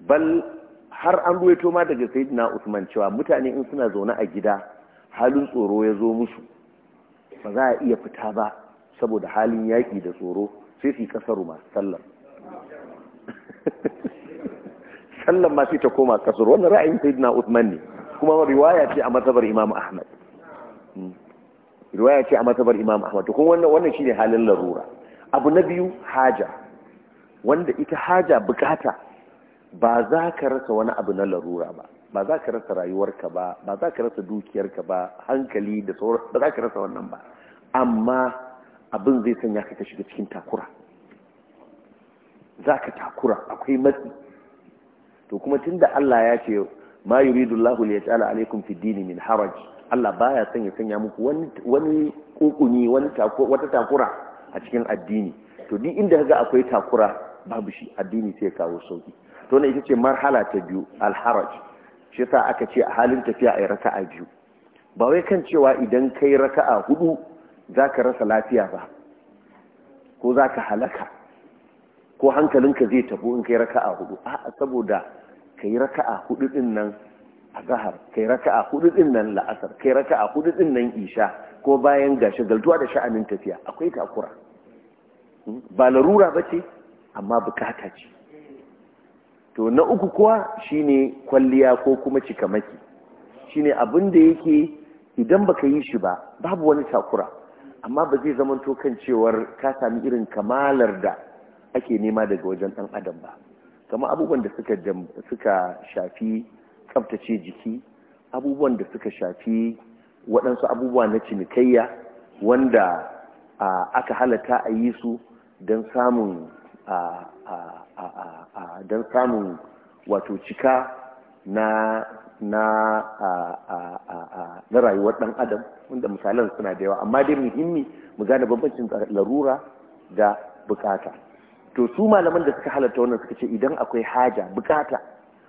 bal har an ruwaito ma daga na Usman cewa mutane in suna zaune a gida halin tsoro ya zo musu ba za a iya fita ba saboda halin yaƙi da tsoro sai su yi kasaru masu sallar sallar ma sai ta koma kasar wannan ra'ayin saidina Usman ne kuma riwaya ce a matsabar Imam Ahmad Hmm. riwaya ce a matsabar imam ahmad kuma wannan wannan shine halin larura abu na biyu haja wanda ita haja bukata ba za ka rasa wani abu na larura ba ba za ka rasa rayuwarka ba ba za ka rasa dukiyarka ba hankali da sauran ba za ka rasa wannan ba amma abin zai sanya ka shiga cikin takura za ka takura akwai matsi to kuma tunda Allah ya ce ma yuridu Allahu li yaj'ala alaykum fi dini min haraji. Allah baya son ya sanya muku wani wani kukuni wani wata takura a cikin addini to duk inda kaga akwai takura babu shi addini sai kawo sauki to ne ita ce marhala ta biyu alharaj shi yasa aka ce a halin tafiya ai raka'a biyu ba wai kan cewa idan kai raka'a hudu zaka rasa lafiya ba ko zaka halaka ko hankalinka zai tafi in kai raka'a hudu a'a saboda kai raka'a hudu din nan azhar kai raka'a hudu din nan la'asar kai raka'a hudu din nan isha ko bayan gashi galtuwa da sha'anin tafiya akwai takura hmm? ba larura bace amma bukata ce to na uku kuwa shine kwalliya ko kuma cikamaki shine abin da yake idan baka yi shi ba babu wani takura amma ba zai zamanto kan cewar ka sami irin kamalar da ake nema daga wajen ɗan adam ba kamar abubuwan da suka shafi tsabtace jiki abubuwan da suka shafi waɗansu abubuwa na cinikayya wanda aka halata a yi su don samun wato cika na rayuwar ɗan adam wanda misalan suna da yawa amma dai muhimmi mu gane bambancin larura da bukata to su malaman da suka halatta wannan suka ce idan akwai haja bukata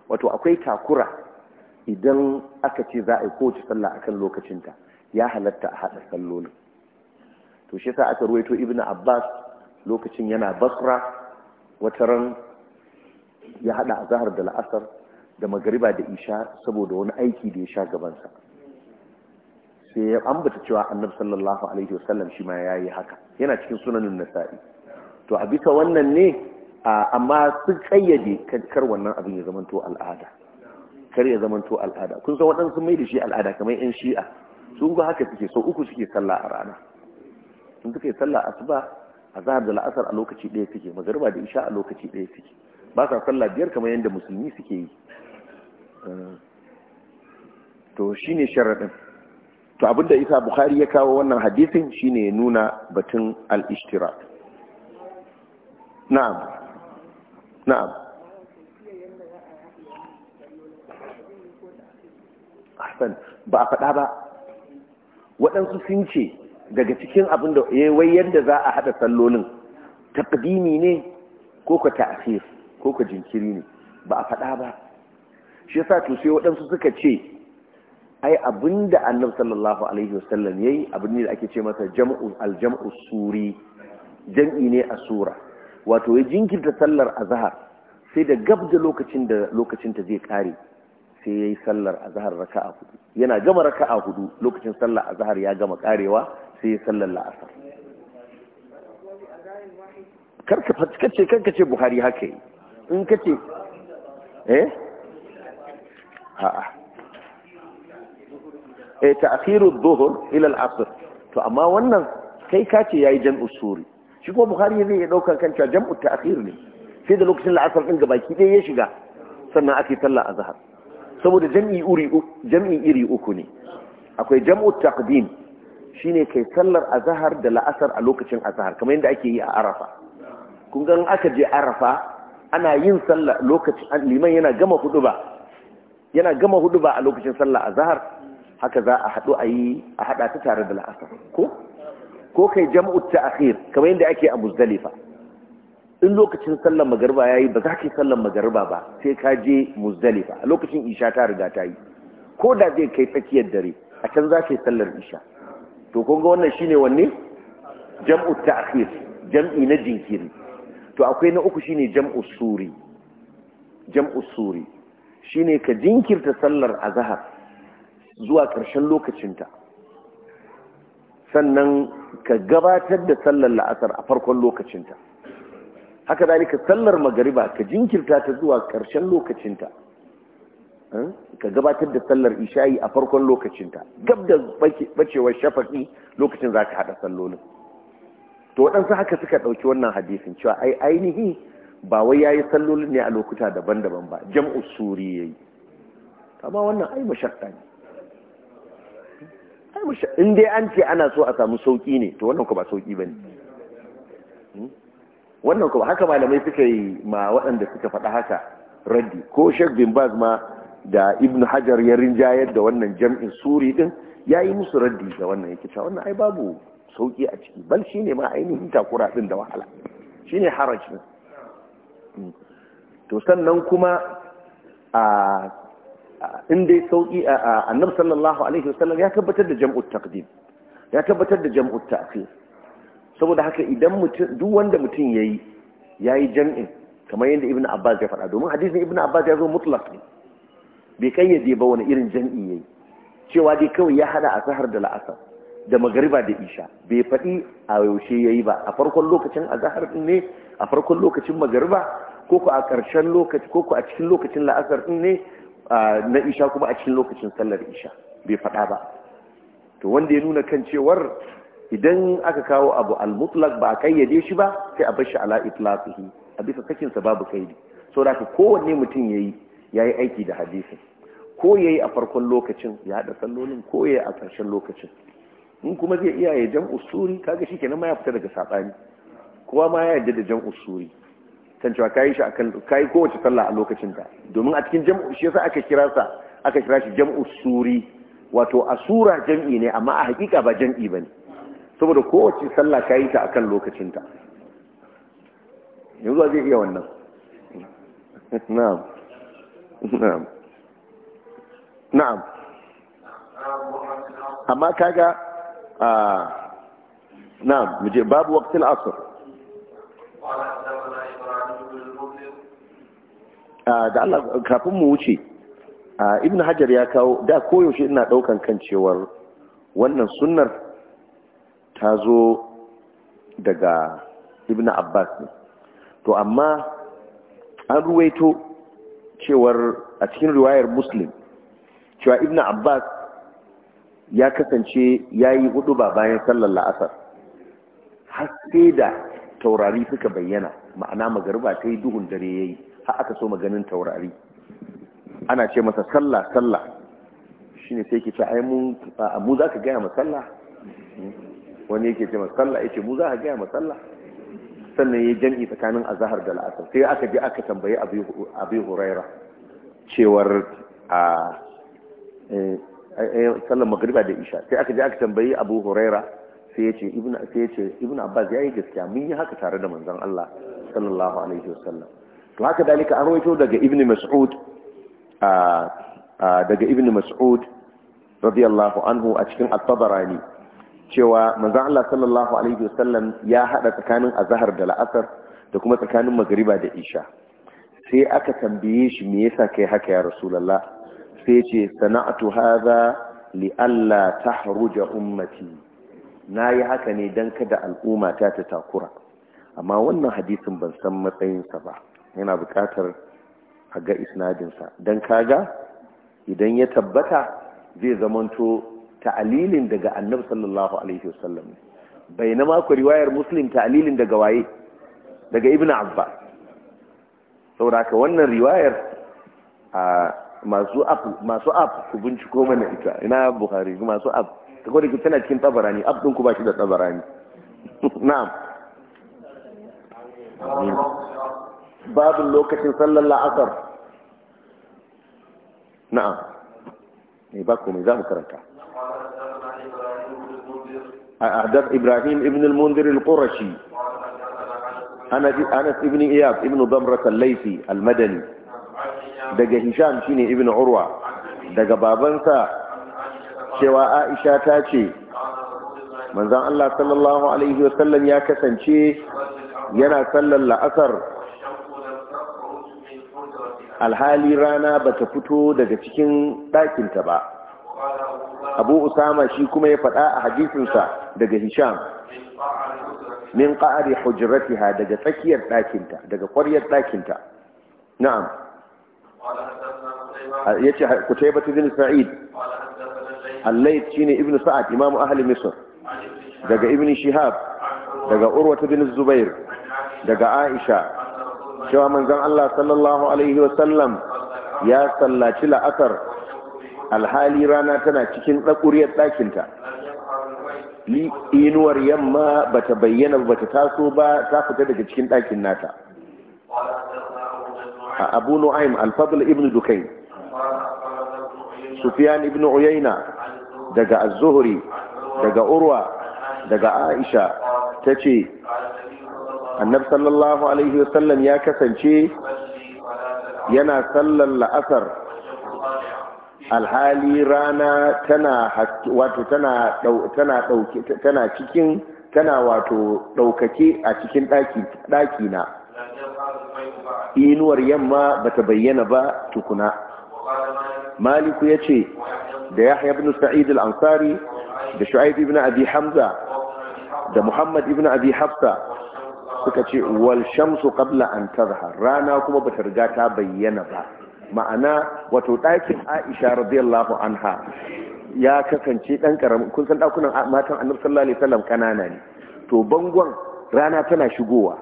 wato akwai takura idan aka ce za a yi kowace sallah a kan lokacinta ya halatta a haɗa sallolin to shi sa aka ruwaito Ibn abbas lokacin yana basra ran ya haɗa a zahar da la'asar da magariba da isha saboda wani aiki da ya sha gabansa sai ya ambata cewa annabi sallallahu alaihi wasallam shi ma yi haka yana cikin sunanin nasa'i to a bisa wannan ne amma sun kayyade kankar wannan abin ya zamanto al'ada kar ya zamanto al'ada kun san waɗansu mai da shi al'ada kamar yan shi'a sun ga haka suke sau uku suke sallah a rana sun suke sallah asuba a zahar da la'asar a lokaci ɗaya suke magariba da isha a lokaci ɗaya suke ba sa sallah biyar kamar yadda musulmi suke yi to shine sharaɗin to abinda isa bukhari ya kawo wannan hadisin shine ya nuna batun al-ishtirak na'am na'am ahsan ba a faɗa ba waɗansu sun ce daga cikin abin da ya eh, wai yadda za a haɗa sallolin taƙdimi ne ko ka ta'asir ko ka jinkiri ne ba a faɗa ba shi yasa to sai waɗansu suka ce ai abinda da annabi sallallahu alaihi wasallam yayi abin da ake ce masa jam'u aljam'u suri jam'i ne a sura wato ya jinkirta sallar azhar sai da gab da lokacin da lokacin ta zai kare sai ya yi sallar a zahar raka a hudu yana gama raka a hudu lokacin sallar a zahar ya gama karewa sai ya sallar la'asar karkace karkace buhari haka yi in ka ce eh ha'a eh ta'khiru adh-dhuhr ila al-'asr to amma wannan kai ka ce yayi jam'u suri shi ko buhari zai ya dauka kanta jam'u ta'khir ne sai da lokacin la'asar din gabaki ɗaya ya shiga sannan ake sallah azhar saboda jam'i iri uku ne akwai jam'u taqdim shine kai sallar azhar da la'asar a lokacin azhar kamar yadda ake yi a arafa kun ga aka je arafa ana yin sallar lokacin liman yana gama ba yana gama ba a lokacin sallar azhar haka za a hadu ayi a hada ta tare da la'asar ko ko kai jam'u ta'khir kamar yadda ake a muzdalifa in lokacin sallar magarba ya yi ba za ka yi sallar magarba ba sai ka je muzdalifa a lokacin isha ta riga ta yi ko da zai kai tsakiyar dare a can za ka yi sallar isha to kun ga wannan shine wanne jam'u akhir jam'i na jinkiri to akwai na uku shine jam'u suri jam'u suri shine ka jinkirta sallar azhar zuwa karshen lokacinta sannan ka gabatar da sallar la'asar a farkon lokacinta haka zalika sallar magariba ka jinkirta ta zuwa ƙarshen lokacinta hmm? ka gabatar da sallar isha'i a farkon lokacinta gab da bacewar shafaƙi lokacin za ka haɗa sallolin to waɗansu haka suka ɗauki wannan hadisin cewa ai ainihi ba wai ya yi sallolin ne a lokuta daban-daban ba jam'u suri ya yi amma wannan ai mashakka ne hmm? in dai an ce ana so a samu sauƙi ne to wannan ku ba sauƙi ba ne wannan kuma haka malamai suka yi ma waɗanda suka faɗa haka raddi ko shek bin Baz ma da Ibn Hajar ya rinjayar da wannan jam'in suri din yi musu raddi da wannan ya cewa wannan ai babu sauki a ciki bal shine ma ainihin takura din da wahala shine haraj din hmm. to sannan kuma a in dai sauki annabi sallallahu alaihi wasallam ya tabbatar da jam'ut taqdim ya tabbatar da jam'ut ta'khir saboda haka idan mutum duk wanda mutum yayi yayi jam'in kamar yadda ibnu abbas ya faɗa domin hadisin ibnu abbas ya zo mutlaq ne bai kayyade ba wani irin jam'i yayi cewa dai kawai ya hada azhar da la'asar da magariba da isha bai faɗi a yaushe yayi ba a farkon lokacin azhar din ne a farkon lokacin magariba ko ku a ƙarshen lokaci ko ku a cikin lokacin la'asar din ne na isha kuma a cikin lokacin sallar isha bai faɗa ba to wanda ya nuna kan cewar idan aka kawo abu al-mutlaq ba a kayyade shi ba sai a bar shi ala itlaqihi a bisa sakin sa babu kaidi so da kowanne mutum yayi yayi aiki da hadisi. ko yayi a farkon lokacin ya hada sallolin ko yayi a ƙarshen lokacin in kuma zai iya ya jan usuri kaga shikenan ma ya fita daga sabani kowa ma ya yadda da jan usuri kan cewa kai shi akan kayi kowace sallah a lokacin ta domin a cikin jam'u shi yasa aka kira sa aka kira shi jam'u suri wato asura jam'i ne amma a hakika ba jam'i bane saboda kowace sallah ka yi ta a kan lokacinta yanzu zai iya wannan na'am na'am na'am amma kaga a na'am muje babu waqtil asir da Allah kafin mu wuce ibn hajar ya kawo da koyaushe ina daukan kan cewar wannan sunnar ta zo daga ibn abbas ne to amma an ruwaito cewar a cikin riwayar muslim cewa ibn abbas ya kasance ya yi hudu ba bayan sallar la'asar haske da taurari suka bayyana ma'ana magariba ta yi duhun dare ya yi ha aka so maganin taurari ana ce masa sallah sallah ne sai ke ce ai mu za ka gaya ma wani yake ce masalla ya ce mu za a gaya masalla sannan ya jam'i tsakanin azahar da la'asar sai aka bi aka tambayi abu huraira cewar a eh, eh, eh, sallar magriba da isha sai aka je aka tambayi abu huraira sai ya ce ibn abbas ya yi gaskiya mun yi haka tare da manzon allah sallallahu alaihi wasallam to haka dalika an rawaito daga ibn mas'ud daga ibn mas'ud radiyallahu anhu a cikin at-tabarani cewa manzon Allah sallallahu alaihi wasallam ya haɗa tsakanin azhar da la'asar da kuma tsakanin magriba da isha sai aka tambaye shi me yasa kai haka ya rasulullah sai ce sana'atu hadha li alla tahruja ummati nayi haka ne dan kada al'umma ta ta takura amma wannan hadisin ban san matsayinsa ba yana buƙatar a ga isnadinsa don kaga idan ya tabbata zai zamanto ta'alilin daga annabi sallallahu alaihi wasallam bai na mako riwayar muslim ta'alilin daga waye daga ibn abbas sauraka wannan riwayar a masu ab masu ab ku binciko mana ita ina bukhari masu ab ta kodin ki tana cikin tabarani ab din ku ba shi da tabarani na'am babu lokacin sallar la'asar na'am ne eh, ba komai za mu karanta أحدث إبراهيم ابن المنذر القرشي أنس ابن إياب ابن ضمرة الليثي المدني دقى هشام شيني ابن عروة دقى بابنسا شوى عائشة تاتي من ذا الله صلى الله عليه وسلم يا كسنشي ينا صلى الأثر alhali rana bata fito daga cikin ɗakinta ba abu usama shi kuma ya faɗa a hadisinsa daga hisham min qa'ari hujratiha daga tsakiyar ɗakinta daga ƙwaryar ɗakinta na'am yace kutayba bin sa'id Allai shine ibnu sa'ad imam ahli misr daga Ibn shihab daga urwa bin zubair daga aisha cewa manzan Allah sallallahu alaihi wa sallam ya sallaci la'asar alhali rana tana cikin ɗakuriyar ɗakinta inuwar yamma bata bayyana bata taso ba ta fita daga cikin ɗakin nata a abu nu'aim alfadl ibn Dukai, sufyan ibn uyaina daga az-zuhri daga urwa daga aisha tace annab sallallahu alaihi wasallam ya kasance yana sallar la'asar alhali rana tana wato tana tana dauke tana cikin tana wato daukake a cikin daki daki na inuwar yamma bata bayyana ba tukuna maliku yace da yahya ibn sa'id al-ansari da shu'aib ibn abi hamza da muhammad ibn abi hafsa suka ce wal shamsu qabla an tazhar rana kuma bata riga ta bayyana ba ma'ana wato ɗakin aisha radiyallahu anha ya kasance ɗan ƙaramin kun san ɗakunan matan annabi sallallahu alaihi wasallam ƙanana ne to bangon rana tana shigowa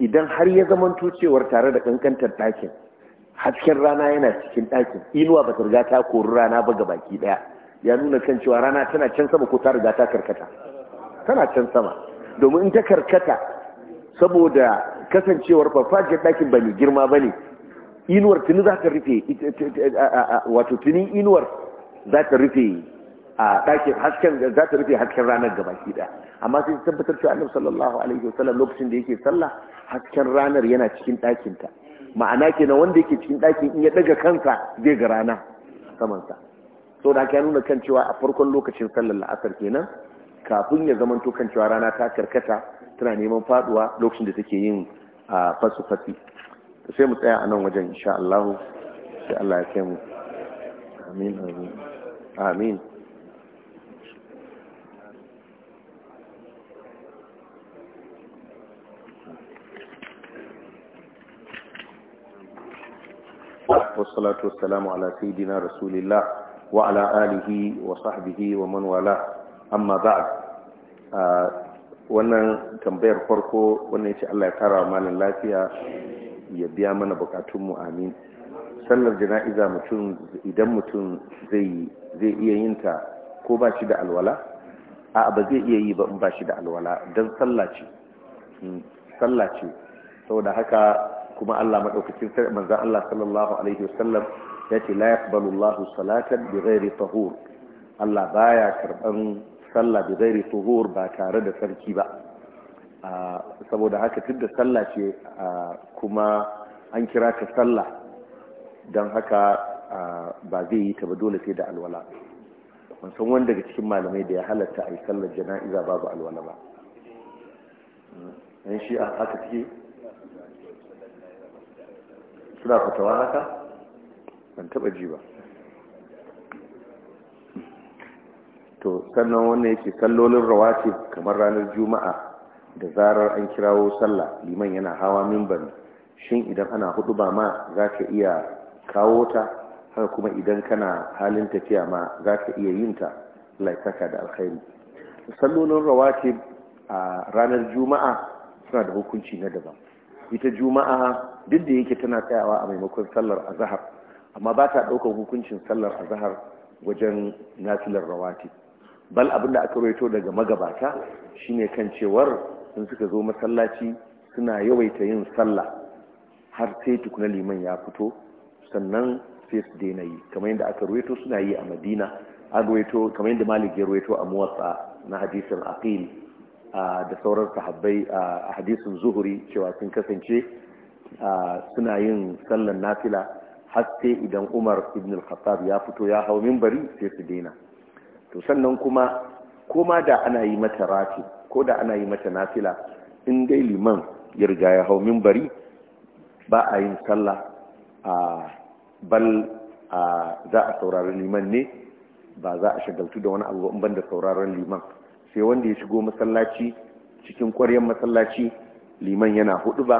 idan har ya zaman cewar tare da ƙanƙantar ɗakin hasken rana yana cikin ɗakin inuwa ba ta riga ta kori rana ba ga baki ɗaya ya nuna kan cewa rana tana can sama ko ta riga ta karkata tana can sama domin in ta karkata saboda kasancewar farfajiyar ɗakin ba mai girma ba ne inuwar tuni za ta rufe wato tuni inuwar za ta rufe a ɗakin hasken za ta rufe hasken ranar gaba ɗaya amma sai tabbatar cewa annabi sallallahu alaihi wasallam lokacin da yake sallah hasken ranar yana cikin ɗakinta ma'ana kenan wanda yake cikin ɗakin in ya daga kansa zai ga rana samansa so da ya nuna kan cewa a farkon lokacin sallar la'asar kenan kafin ya zamanto kan cewa rana ta karkata tana neman faduwa lokacin da take yin fasu-fasi sai mu tsaya a nan wajen insha Allah sai Allah ya kai mu amin amin amin والصلاة والسلام على سيدنا رسول الله وعلى آله وصحبه ومن والاه أما بعد wannan tambayar farko wannan ya Allah ya kara malam lafiya ya biya mana bukatun mu amin sallar jana'iza mutum idan mutum zai zai iya yin ta ko ba shi da alwala a ba zai iya yi ba in ba shi da alwala don sallah ce hmm, sallah ce saboda haka kuma Allah madaukakin manzon Allah sallallahu alaihi wasallam ya ce la yaqbalu Allahu salatan bighairi tahur Allah baya karban sallah bighairi tahur ba tare da sarki ba saboda haka tun da sallah ce kuma an kira ta sallah don haka ba zai yi ta ba dole sai da alwala san wani daga cikin malamai da ya halatta a yi sallar jana'iza babu alwala ba yan shi a haka take suna fatawa haka ban taba ji ba to sannan wannan yake rawa rawatib kamar ranar juma'a da zarar an kirawo sallah liman yana hawa mimban shin idan ana hudu ba ma za ka iya kawo ta haka kuma idan kana halin tafiya ma za ka iya yin ta laifaka da alkhairi sallolin rawati a ranar juma'a suna da hukunci na daban ita juma'a duk da yake tana tsayawa a maimakon sallar azahar amma ba ta daukar hukuncin sallar azahar wajen nafilar rawati bal abinda aka rawaito daga magabata shine kan cewar Sun suka zo masallaci suna yawaita yin sallah har sai tukuna liman ya fito sannan sai su daina yi kamar yadda aka ruwaito suna yi a madina a ruwaito kamar yadda malik ya ruwaito a muwatsa na hadisin aqil da sauran sahabbai a hadisin zuhuri cewa sun kasance suna yin sallan nafila har sai idan umar ibn al-khattab ya fito ya hau minbari sai su daina to sannan kuma koma da ana yi mata rafi ko da ana yi mata nafila in dai liman ya riga ya hau minbari ba a yin sallah a bal a za a saurari liman ne ba za a shagaltu da wani abu ban da sauraron liman sai wanda ya shigo masallaci cikin kwaryan masallaci liman yana hudu ba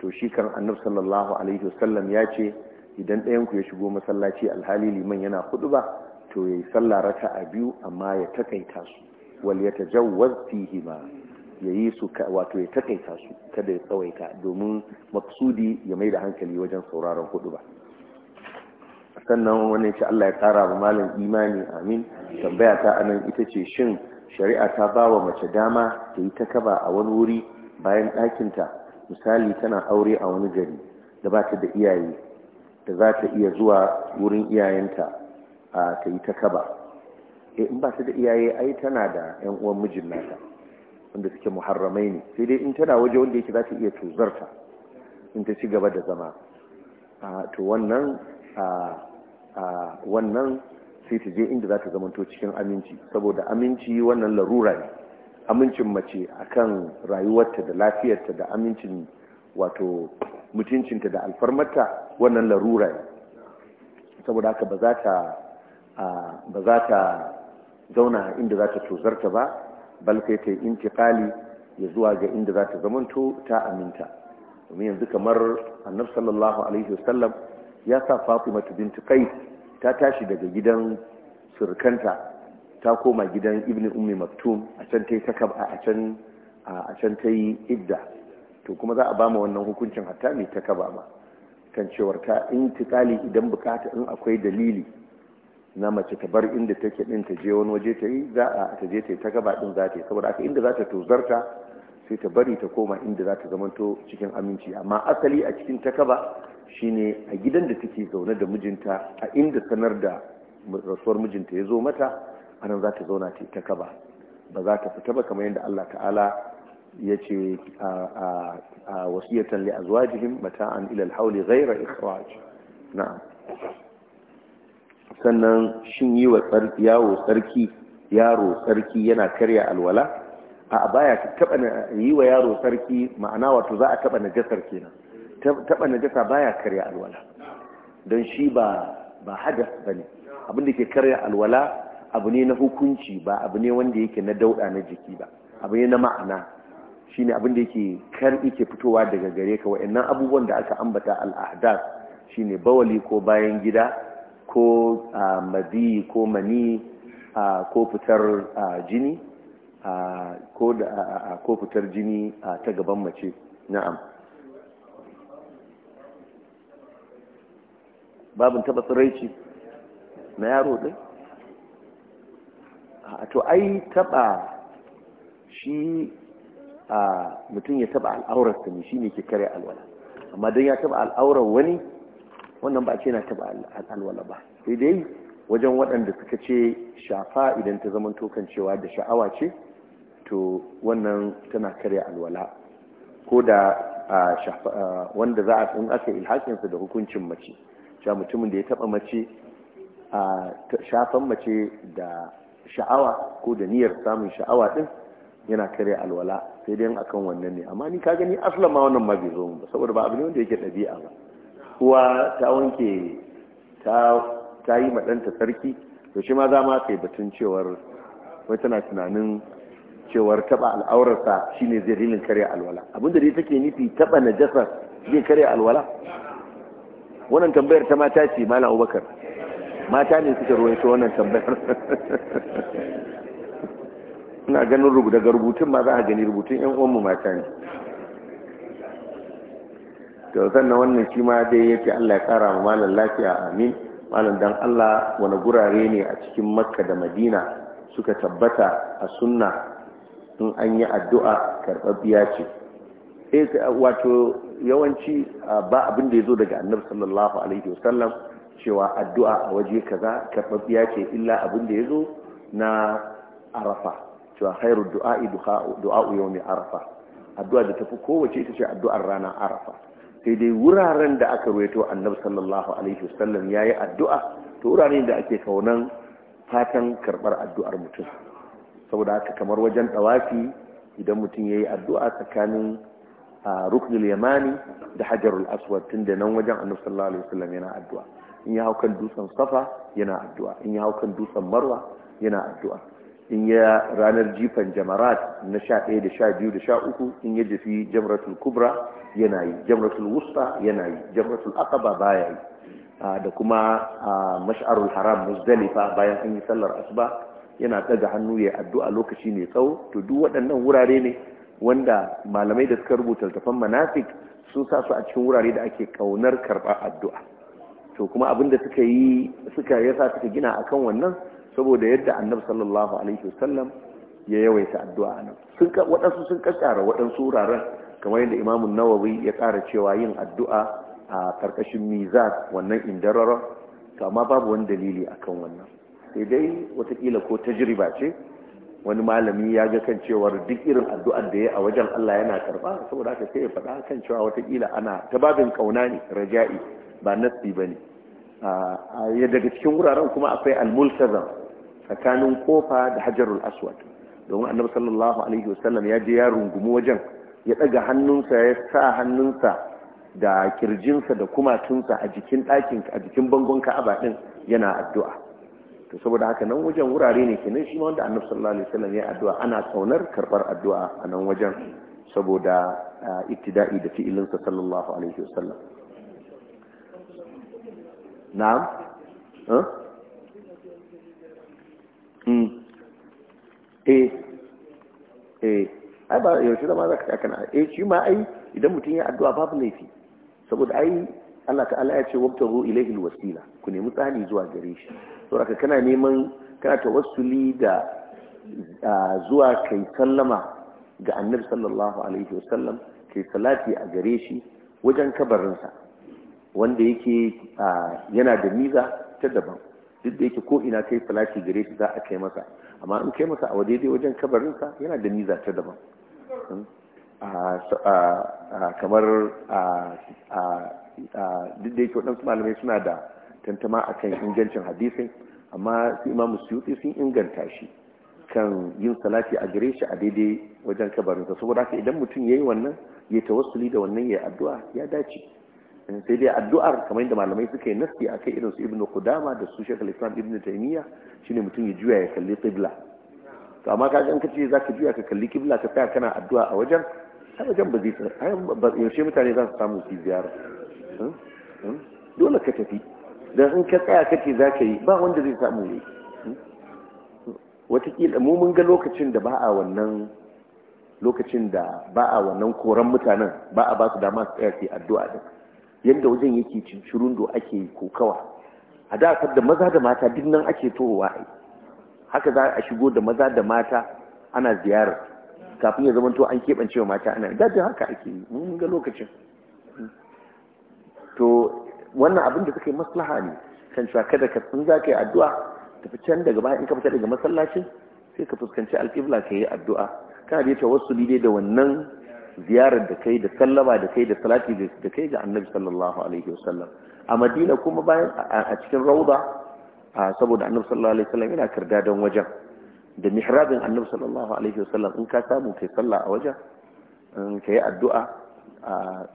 to shi kan annab sallallahu alaihi wasallam ya ce idan ɗayanku ya shigo masallaci alhali liman yana hudu ba to ya yayi sallah a biyu amma ya takaita su wal yatajawwaz fihima yi su wato ya takaita su kada ya tsawaita domin maksudi ya mai da hankali wajen sauraron hudu ba sannan wani ce Allah ya tsara wa malam imani amin tambaya ta anan ita ce shin shari'a ta ba wa mace dama ta yi takaba a wani wuri bayan ɗakinta misali tana aure a wani gari da ba ta da iyaye da za ta iya zuwa wurin iyayenta a ta yi takaba Eh, in ba su da iyaye ai tana da yan uwan mijin nata wanda suke muharramai ne sai dai in tana waje wanda yake za ta iya tuzarta in ta ci gaba da zama to wannan wannan sai ta je inda za ta zamanto cikin aminci saboda aminci wannan larura ne amincin mace akan rayuwarta da lafiyarta da amincin wato mutuncinta da alfarmarta wannan larura ne saboda haka ba za ta ba za ta zauna inda za ta tozarta ba bal sai ta yi intikali ya zuwa ga inda za ta zamanto ta aminta domin yanzu kamar annab sallallahu alaihi wasallam ya sa fatima bintu kai ta tashi daga gidan surkanta ta koma gidan ibni ummi maktum a can ta yi a a can ta yi idda to kuma za a ba ma wannan hukuncin hatta mai kaba ma kan cewar ta intikali idan bukata in akwai dalili na mace ta bar inda take ɗin ta je wani waje ta yi za a ta je ta yi ta gaba din za ta yi saboda aka inda za ta tozarta sai ta bari ta koma inda za ta zamanto cikin aminci amma asali a cikin ta shi shine a gidan da take zaune da mijinta a inda sanar da rasuwar mijinta ya zo mata nan za ta zauna ta ta gaba ba za ta fita ba kamar yadda Allah ta'ala ya ce a wasiyatan li azwajihim an ilal hauli hawli ghayra ikhraj na'am sannan shin yi wa yawo tsarki yaro tsarki yana karya alwala a baya taba yi wa yaro tsarki ma'ana wato za a taba najasar kenan taba najasa baya karya alwala don shi ba hadas bane abin da ke karya alwala abu ne na hukunci ba abu ne wanda yake na dauɗa na jiki ba abu ne na ma'ana shi abin da yake kar ke fitowa daga gare ka wa'annan abubuwan da aka ambata al'adar shi ne bawali ko bayan gida ko madi ko mani ko fitar jini ko fitar jini ta gaban mace na'am babin taba tsiraici na yaro ɗin to ai taba shi mutum ya taba ta ne shi ne ke kare alwala amma don ya taba al'aurar wani wannan ba ce na taba alwala ba sai dai wajen waɗanda suka ce shafa idan ta zama tokan cewa da sha'awa ce to wannan tana karya alwala ko da wanda za a in aka ilhakinsa da hukuncin mace sha mutumin da ya taba mace a shafan mace da sha'awa ko da niyyar samun sha'awa ɗin yana karya alwala sai dai akan wannan ne amma ni ka gani aslama wannan ma bai zo mu ba saboda ba abu ne wanda yake ɗabi'a ba kuwa ta wanke ta yi maɗanta sarki to shi ma za ma yi batun cewar wai tana tunanin cewar taɓa al'aurarsa shine zai rilin karya alwala abinda dai take nufi taɓa na jasa zai karya alwala wannan tambayar ta mata ce malam abubakar mata ne suka shi wannan tambayar ina ganin daga rubutun ma za a gani rubutun yan uwanmu mata ne to sannan wannan shi ma dai yake Allah ya kara ma malam lafiya amin malam dan Allah wani gurare ne a cikin Makka da Madina suka tabbata a sunna in an yi addu'a karɓaɓɓiya ce eh, wato yawanci ba abin da ya zo daga annabi sallallahu alaihi wasallam cewa addu'a a waje kaza karɓaɓɓiya ce illa abin da ya zo na arafa cewa khairu du'a'i du'a yawmi arafa addu'a da tafi kowace ita ce addu'ar ranar arafa sai dai wuraren da aka ruwaito annabi sallallahu alaihi wasallam yayi addu'a ta wuraren da ake kaunan fatan karɓar addu'ar mutum saboda haka kamar wajen ɗawafi idan mutum yayi addu'a tsakanin ruknul yamani da hajarul aswad tunda nan wajen annabi sallallahu alaihi wasallam yana addu'a in ya hau kan dutsen safa yana addu'a in ya hau kan dutsen marwa yana addu'a in ya ranar jifan jamarat na sha ɗaya da sha biyu da sha uku in ya jafi jamratul kubra yana yi jamratul wusta yana yi jamratul aqaba baya yi da kuma mash'arul haram muzdalifa bayan an yi sallar asuba yana ɗaga hannu ya addu'a lokaci mai tsawo to duk waɗannan wurare ne wanda malamai da suka rubuta tafan manafik sun sa su a cikin wurare da ake kaunar karɓar addu'a to kuma abin da suka yi suka yasa suka gina akan wannan saboda yadda annabi sallallahu alaihi wasallam ya yawaita addu'a nan sun waɗansu sun kaskara waɗansu wuraren kamar yadda imamun nawawi ya ƙara cewa yin addu'a a ƙarƙashin mizan wannan indararo to amma babu wani dalili akan wannan sai dai watakila ko tajriba ce wani malami ya ga kan cewar duk irin addu'ar da ya a wajen Allah yana karba saboda haka sai ya faɗa kan cewa watakila ana ta babin kauna ne raja'i ba nasbi bane a daga cikin wuraren kuma akwai al-multazam tsakanin kofa da hajarul aswad domin annabi sallallahu alaihi wasallam ya je ya rungumi wajen ya daga hannunsa ya sa hannunsa da kirjinsa da kumatunsa a jikin ɗakin a jikin bangon ka'aba din yana addu'a to saboda haka nan wajen wurare ne kenan shi ma wanda annabi sallallahu alaihi wasallam ya addu'a ana kaunar karbar addu'a a nan wajen saboda uh, ittida'i da fi'ilinsa sallallahu alaihi wasallam na'am Mm. Eh. eh ai ba yaushe zama za ka tsaya eh shi ma ai idan mutum ya addu'a babu laifi saboda ai Allah ta'ala ya ce wabtahu ilayhi alwasila ku nemi tsani zuwa gare shi to kana neman kana tawassuli da zuwa kai sallama ga annabi sallallahu alaihi wasallam kai salati a gare shi wajen kabarinsa wanda yake yana da miza ta daban duk da yake ko ina kai salati gare shi za a kai masa amma in kai masa a daidai wajen sa yana da niza ta daban hmm? kamar duk da yake waɗansu malamai suna da tantama a kan ingancin hadisin amma su imam suyuti sun inganta shi kan yin salati a gare shi a daidai wajen sa saboda haka idan mutum ya yi wannan ya tawassuli da wannan ya addu'a ya dace sai dai addu'ar kamar yadda malamai suka yi nasti akai irin su ibnu qudama da su shekul islam ibnu taymiya shine mutum ya juya ya kalli qibla to amma ka in kace zaka juya ka kalli qibla ka tsaya kana addu'a a wajen a wajen ba zai ba yaushe mutane za su samu su ziyara hmm? Hmm? dole ka tafi dan in ka tsaya kace zaka yi ba wanda zai samu yi. Hmm? Wataƙila, mu mun ga lokacin da ba a wannan lokacin da ba a wannan koran mutanen ba a ba su dama su tsaya su yi addu'a din yadda wajen yake cincirin do ake yi kokawa a da da maza da mata duk nan ake tohowa ai haka za a shigo da maza da mata ana ziyarar kafin ya zama to an keɓance wa mata ana gajin haka ake yi mun ga lokacin to wannan abin da suka yi maslaha ne kan cewa kada ka za ka yi addu'a tafi can daga baya in ka fita daga masallacin sai ka fuskanci alƙibla ka yi addu'a kana da yace wasu dai da wannan ziyarar da kai da sallama da kai da salati da kai ga annabi sallallahu alaihi wasallam a madina kuma bayan a cikin rauda saboda annabi sallallahu alaihi wasallam yana karga don wajen da mihrabin annabi sallallahu alaihi wasallam in ka samu kai sallah a wajen in ka yi addu'a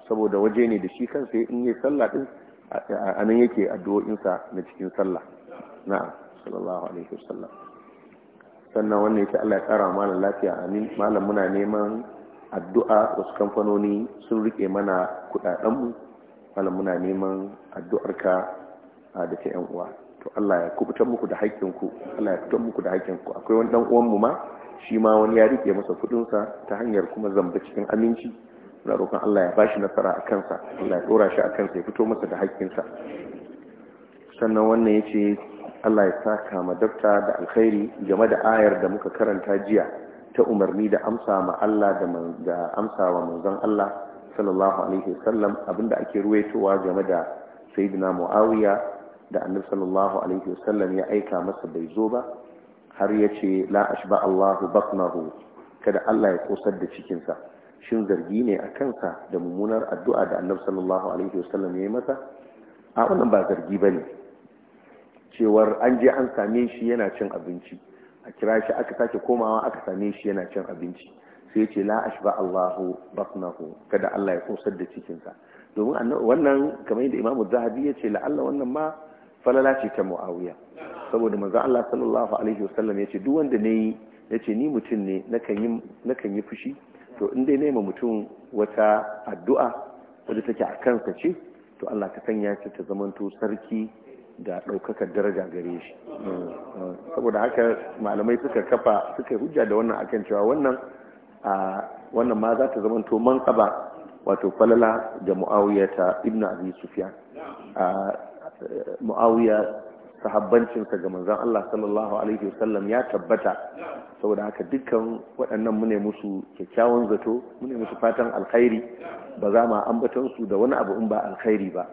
saboda waje ne da shi kansa in yi sallah din a nan yake addu'o'insa na cikin sallah na'am sallallahu alaihi wasallam sannan wannan yake Allah ya kara malam lafiya amin malam muna neman addu'a wasu kamfanoni sun rike mana kudadenmu malam muna neman addu'arka da ta yan uwa to Allah ya kubutar muku da haƙƙinku Allah ya fitar muku da haƙƙinku akwai wani dan uwanmu ma shi ma wani ya rike masa kuɗinsa ta hanyar kuma zamba cikin aminci muna roƙon Allah ya bashi nasara a kansa Allah ya ɗora shi a kansa ya fito masa da haƙƙinsa sannan wannan ya ce Allah ya saka ma dafta da alkhairi game da ayar da muka karanta jiya ta umarni da amsa ma Allah da amsa wa manzon Allah sallallahu alaihi wasallam abinda ake ruwaitowa game da sayyidina Muawiya da annabi sallallahu alaihi wasallam ya aika masa bai zo ba har yace ce la ashba Allahu batnahu kada Allah ya kosar da cikin sa shin zargi ne a kansa da mummunar addu'a da annabi sallallahu alaihi wasallam ya yi masa a wannan ba zargi bane cewar an je an same shi yana cin abinci a kira shi aka sake komawa aka same shi yana cin abinci sai ce la ashba Allahu batnahu kada Allah ya kosar da cikinsa domin wannan kamar yadda Imam Zahabi ya ce la'alla wannan ma falala ce ta Muawiya saboda manzo Allah sallallahu alaihi wasallam ya ce duk wanda ne ya ce ni mutum ne nakan yi fushi to in dai ma mutum wata addu'a wadda take a kansa ce to Allah ta sanya shi ta zamanto sarki da ɗaukakar daraja gare shi saboda haka malamai suka kafa suka hujja da wannan akan cewa wannan a wannan ma za ta zamanto manqaba wato falala da muawiya ta ibnu abi sufyan muawiya sahabbancinsa ga manzon Allah sallallahu alaihi wasallam ya tabbata saboda haka dukkan waɗannan mune musu kyakkyawan zato mune musu fatan alkhairi ba za ma ambatan su da wani abu in ba alkhairi ba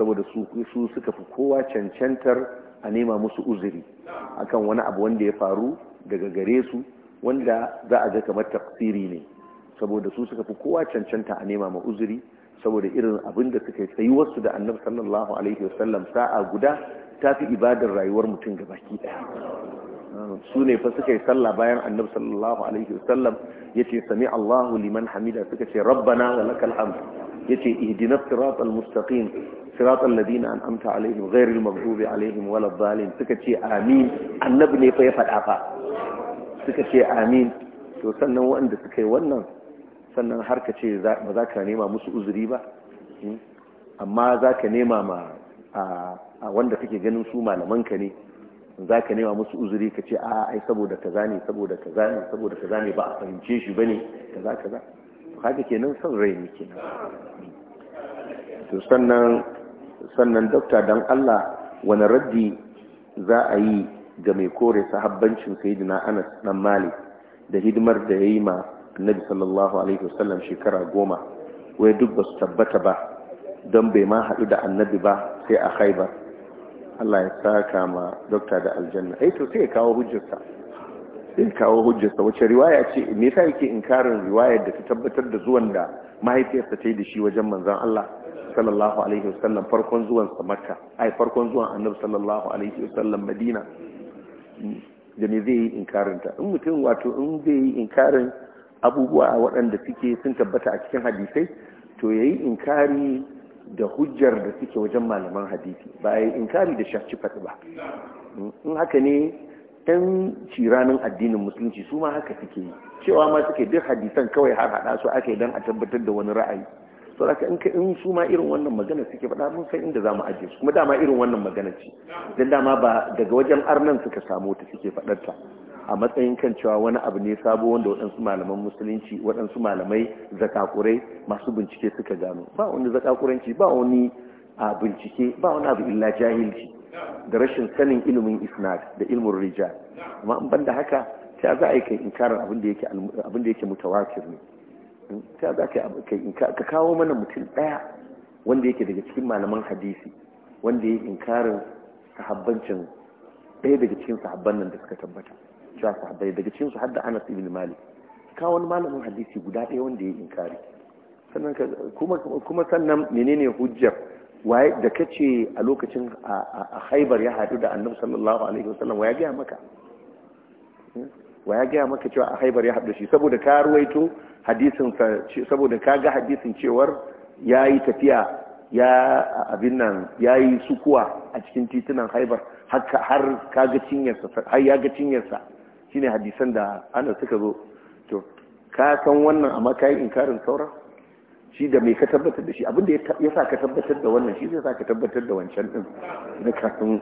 saboda su su suka fi kowa cancantar a nema musu uzuri akan wani abu wanda ya faru daga gare su wanda za a ga kamar tafsiri ne saboda su suka fi kowa cancanta a nema ma uzuri saboda irin abin da suka yi tsayuwarsu da annabi sallallahu alaihi wasallam sa'a guda ta fi ibadar rayuwar mutum ga baki daya su ne fa suka yi sallah bayan annabi sallallahu alaihi wasallam yace sami Allahu liman hamida suka ce rabbana wa lakal hamd yace ihdinas siratal mustaqim siratal ladina an'amta alaihim ghairil maghdubi alaihim waladdallin suka ce amin annabi ne fa ya fada fa suka ce amin to sannan wanda suka yi wannan sannan har ka ce ba za ka nema musu uzuri ba hmm? amma za ka nema ma a. wanda take ganin su malaman ka ne za ka nema musu uzuri ka ce a ai saboda kaza ne saboda kaza ne saboda kaza ne ba a fahimce shi ba ne kaza kaza haka kenan son rai ne kenan to sannan sannan dokta dan Allah wani raddi za a yi ga mai kore sahabbancin sayyidina Anas dan Malik da hidimar da yayi ma Annabi sallallahu alaihi wasallam shekara goma wai duk ba su tabbata ba don bai ma haɗu da annabi ba sai a haibar Allah ya saka ma dokta da aljanna ai eh, to sai ya kawo hujjarsa sai kawo hujjarsa wace riwaya ce me yasa yake inkarin riwayar da ta tabbatar da zuwan da mahaifiyarsa ta yi da shi wajen manzon Allah sallallahu alaihi wasallam farkon zuwan sa Makka ai farkon zuwan Annabi sallallahu alaihi wasallam Madina da me zai yi inkarin ta in mutum wato in zai yi inkarin abubuwa waɗanda suke sun tabbata a cikin hadisai to yayi inkari da hujjar da suke wajen malaman hadisi ba a yi inkari da shafi faɗi ba in haka ne ɗan ciranin addinin musulunci su ma haka suke yi cewa ma suke duk hadisan kawai har haɗa su ake dan a tabbatar da wani ra'ayi sau da in ka in su ma irin wannan magana suke faɗa mun san inda za mu ajiye su kuma dama irin wannan magana ce don dama ba daga wajen arnan suka samu ta suke faɗarta a matsayin kan cewa wani abu ne sabo wanda waɗansu malaman musulunci waɗansu malamai zakakurai masu bincike suka gano ba wani zakakuranci ba wani a bincike ba wani abu illa jahilci da rashin sanin ilimin isnad da ilimin rijal amma in banda haka ta za a yi kai inkarin abin da yake abin mutawatir ne ta za ka kai ka kawo mana mutum daya wanda yake daga cikin malaman hadisi wanda yake inkarin sahabbancin ɗaya daga cikin sahabban nan da suka tabbata cewa sahabbai daga cikin su hadda Anas ibn Malik ka wani malamin hadisi guda ɗaya wanda ya inkari sannan kuma kuma sannan menene hujjar waye da kace a lokacin a Khaibar ya hadu da Annabi sallallahu alaihi wasallam waye ga maka hmm? waye ga maka cewa a Khaibar ya hadu shi saboda ka ruwaito hadisin sa saboda ka ga hadisin cewar yayi tafiya ya abin nan yayi sukuwa a cikin titunan Khaibar har ka ga cinyarsa har ya ga cinyarsa shine hadisan da ana suka zo to ka san wannan amma ka yi inkarin saura shi da mai ka tabbatar da shi abinda ya sa ka tabbatar da wannan shi zai sa ka tabbatar da wancan din na kafin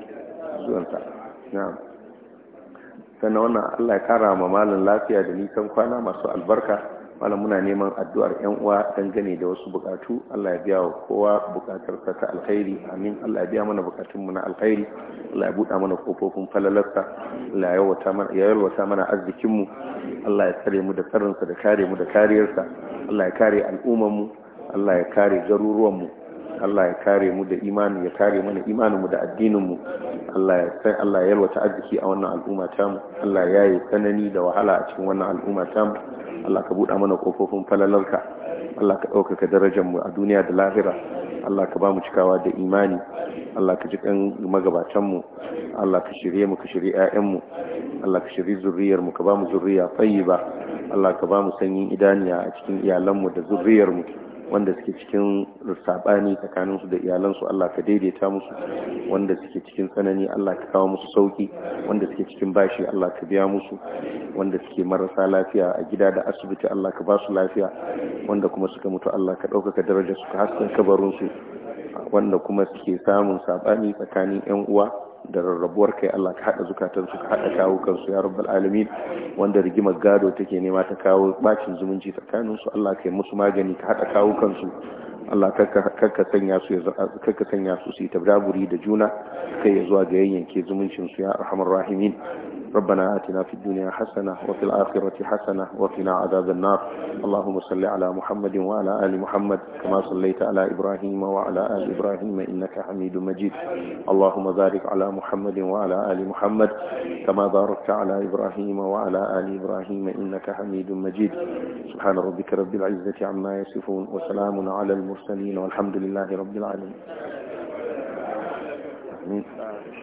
zuwansa na'am sannan wannan Allah ya kara ma malam lafiya da nisan kwana masu albarka malam muna neman addu'ar yan uwa dangane da wasu bukatu Allah ya biya wa kowa bukatar sa ta alkhairi amin Allah ya biya mana bukatun mu na alkhairi Allah ya buɗa mana kofofin falalarsa Allah ya yawata mana ya yalwata mana arzikin mu Allah ya tsare mu da tsarinsa da kare mu da kariyarsa Allah ya kare al'umman mu Allah ya kare garuruwan mu Allah ya kare mu da imani ya kare mana imanin mu da addinin mu Allah ya sai Allah ya yalwata arziki a wannan al'umma ta mu Allah ya yi tsanani da wahala a cikin wannan al'umma ta mu Allah ka buɗa mana kofofin falalarka Allah ka ɗaukaka darajar mu a duniya da lahira Allah ka ba mu cikawa da imani Allah ka ji kan magabatan mu Allah ka shirye mu ka shirye ƴaƴan mu Allah ka shirye zurriyar mu ka ba mu zurriya tayyiba Allah ka ba mu sanyin idaniya a cikin iyalan mu da zuriyar mu wanda suke cikin saɓani tsakaninsu da iyalansu Allah ka daidaita musu wanda suke cikin tsanani Allah ka kawo musu sauki wanda suke cikin bashi Allah ka biya musu wanda suke marasa lafiya a gida da asibiti Allah ka ba su lafiya wanda kuma suka mutu Allah ka ɗaukaka darajar su ka hasken kabarinsu wanda kuma suke samun saɓani tsakanin 'yan uwa da rarrabuwar kai Allah ka hada zukatan su ka haɗa kawo kansu ya rabbal alamin wanda rigimar gado take nema ta kawo bacin zumunci tsakanin su Allah kai musu magani ka hada kawo Allah karka sanya su karka sanya su su yi tabdaburi da juna kai ya zuwa ga yayyanke zumuncin su ya arhamar rahimin ربنا آتنا في الدنيا حسنة وفي الآخرة حسنة وقنا عذاب النار اللهم صل على محمد وعلى آل محمد كما صليت على إبراهيم وعلى آل إبراهيم إنك حميد مجيد اللهم بارك على محمد وعلى آل محمد كما باركت على إبراهيم وعلى آل إبراهيم إنك حميد مجيد سبحان ربك رب العزة عما يصفون وسلام على المرسلين والحمد لله رب العالمين آمين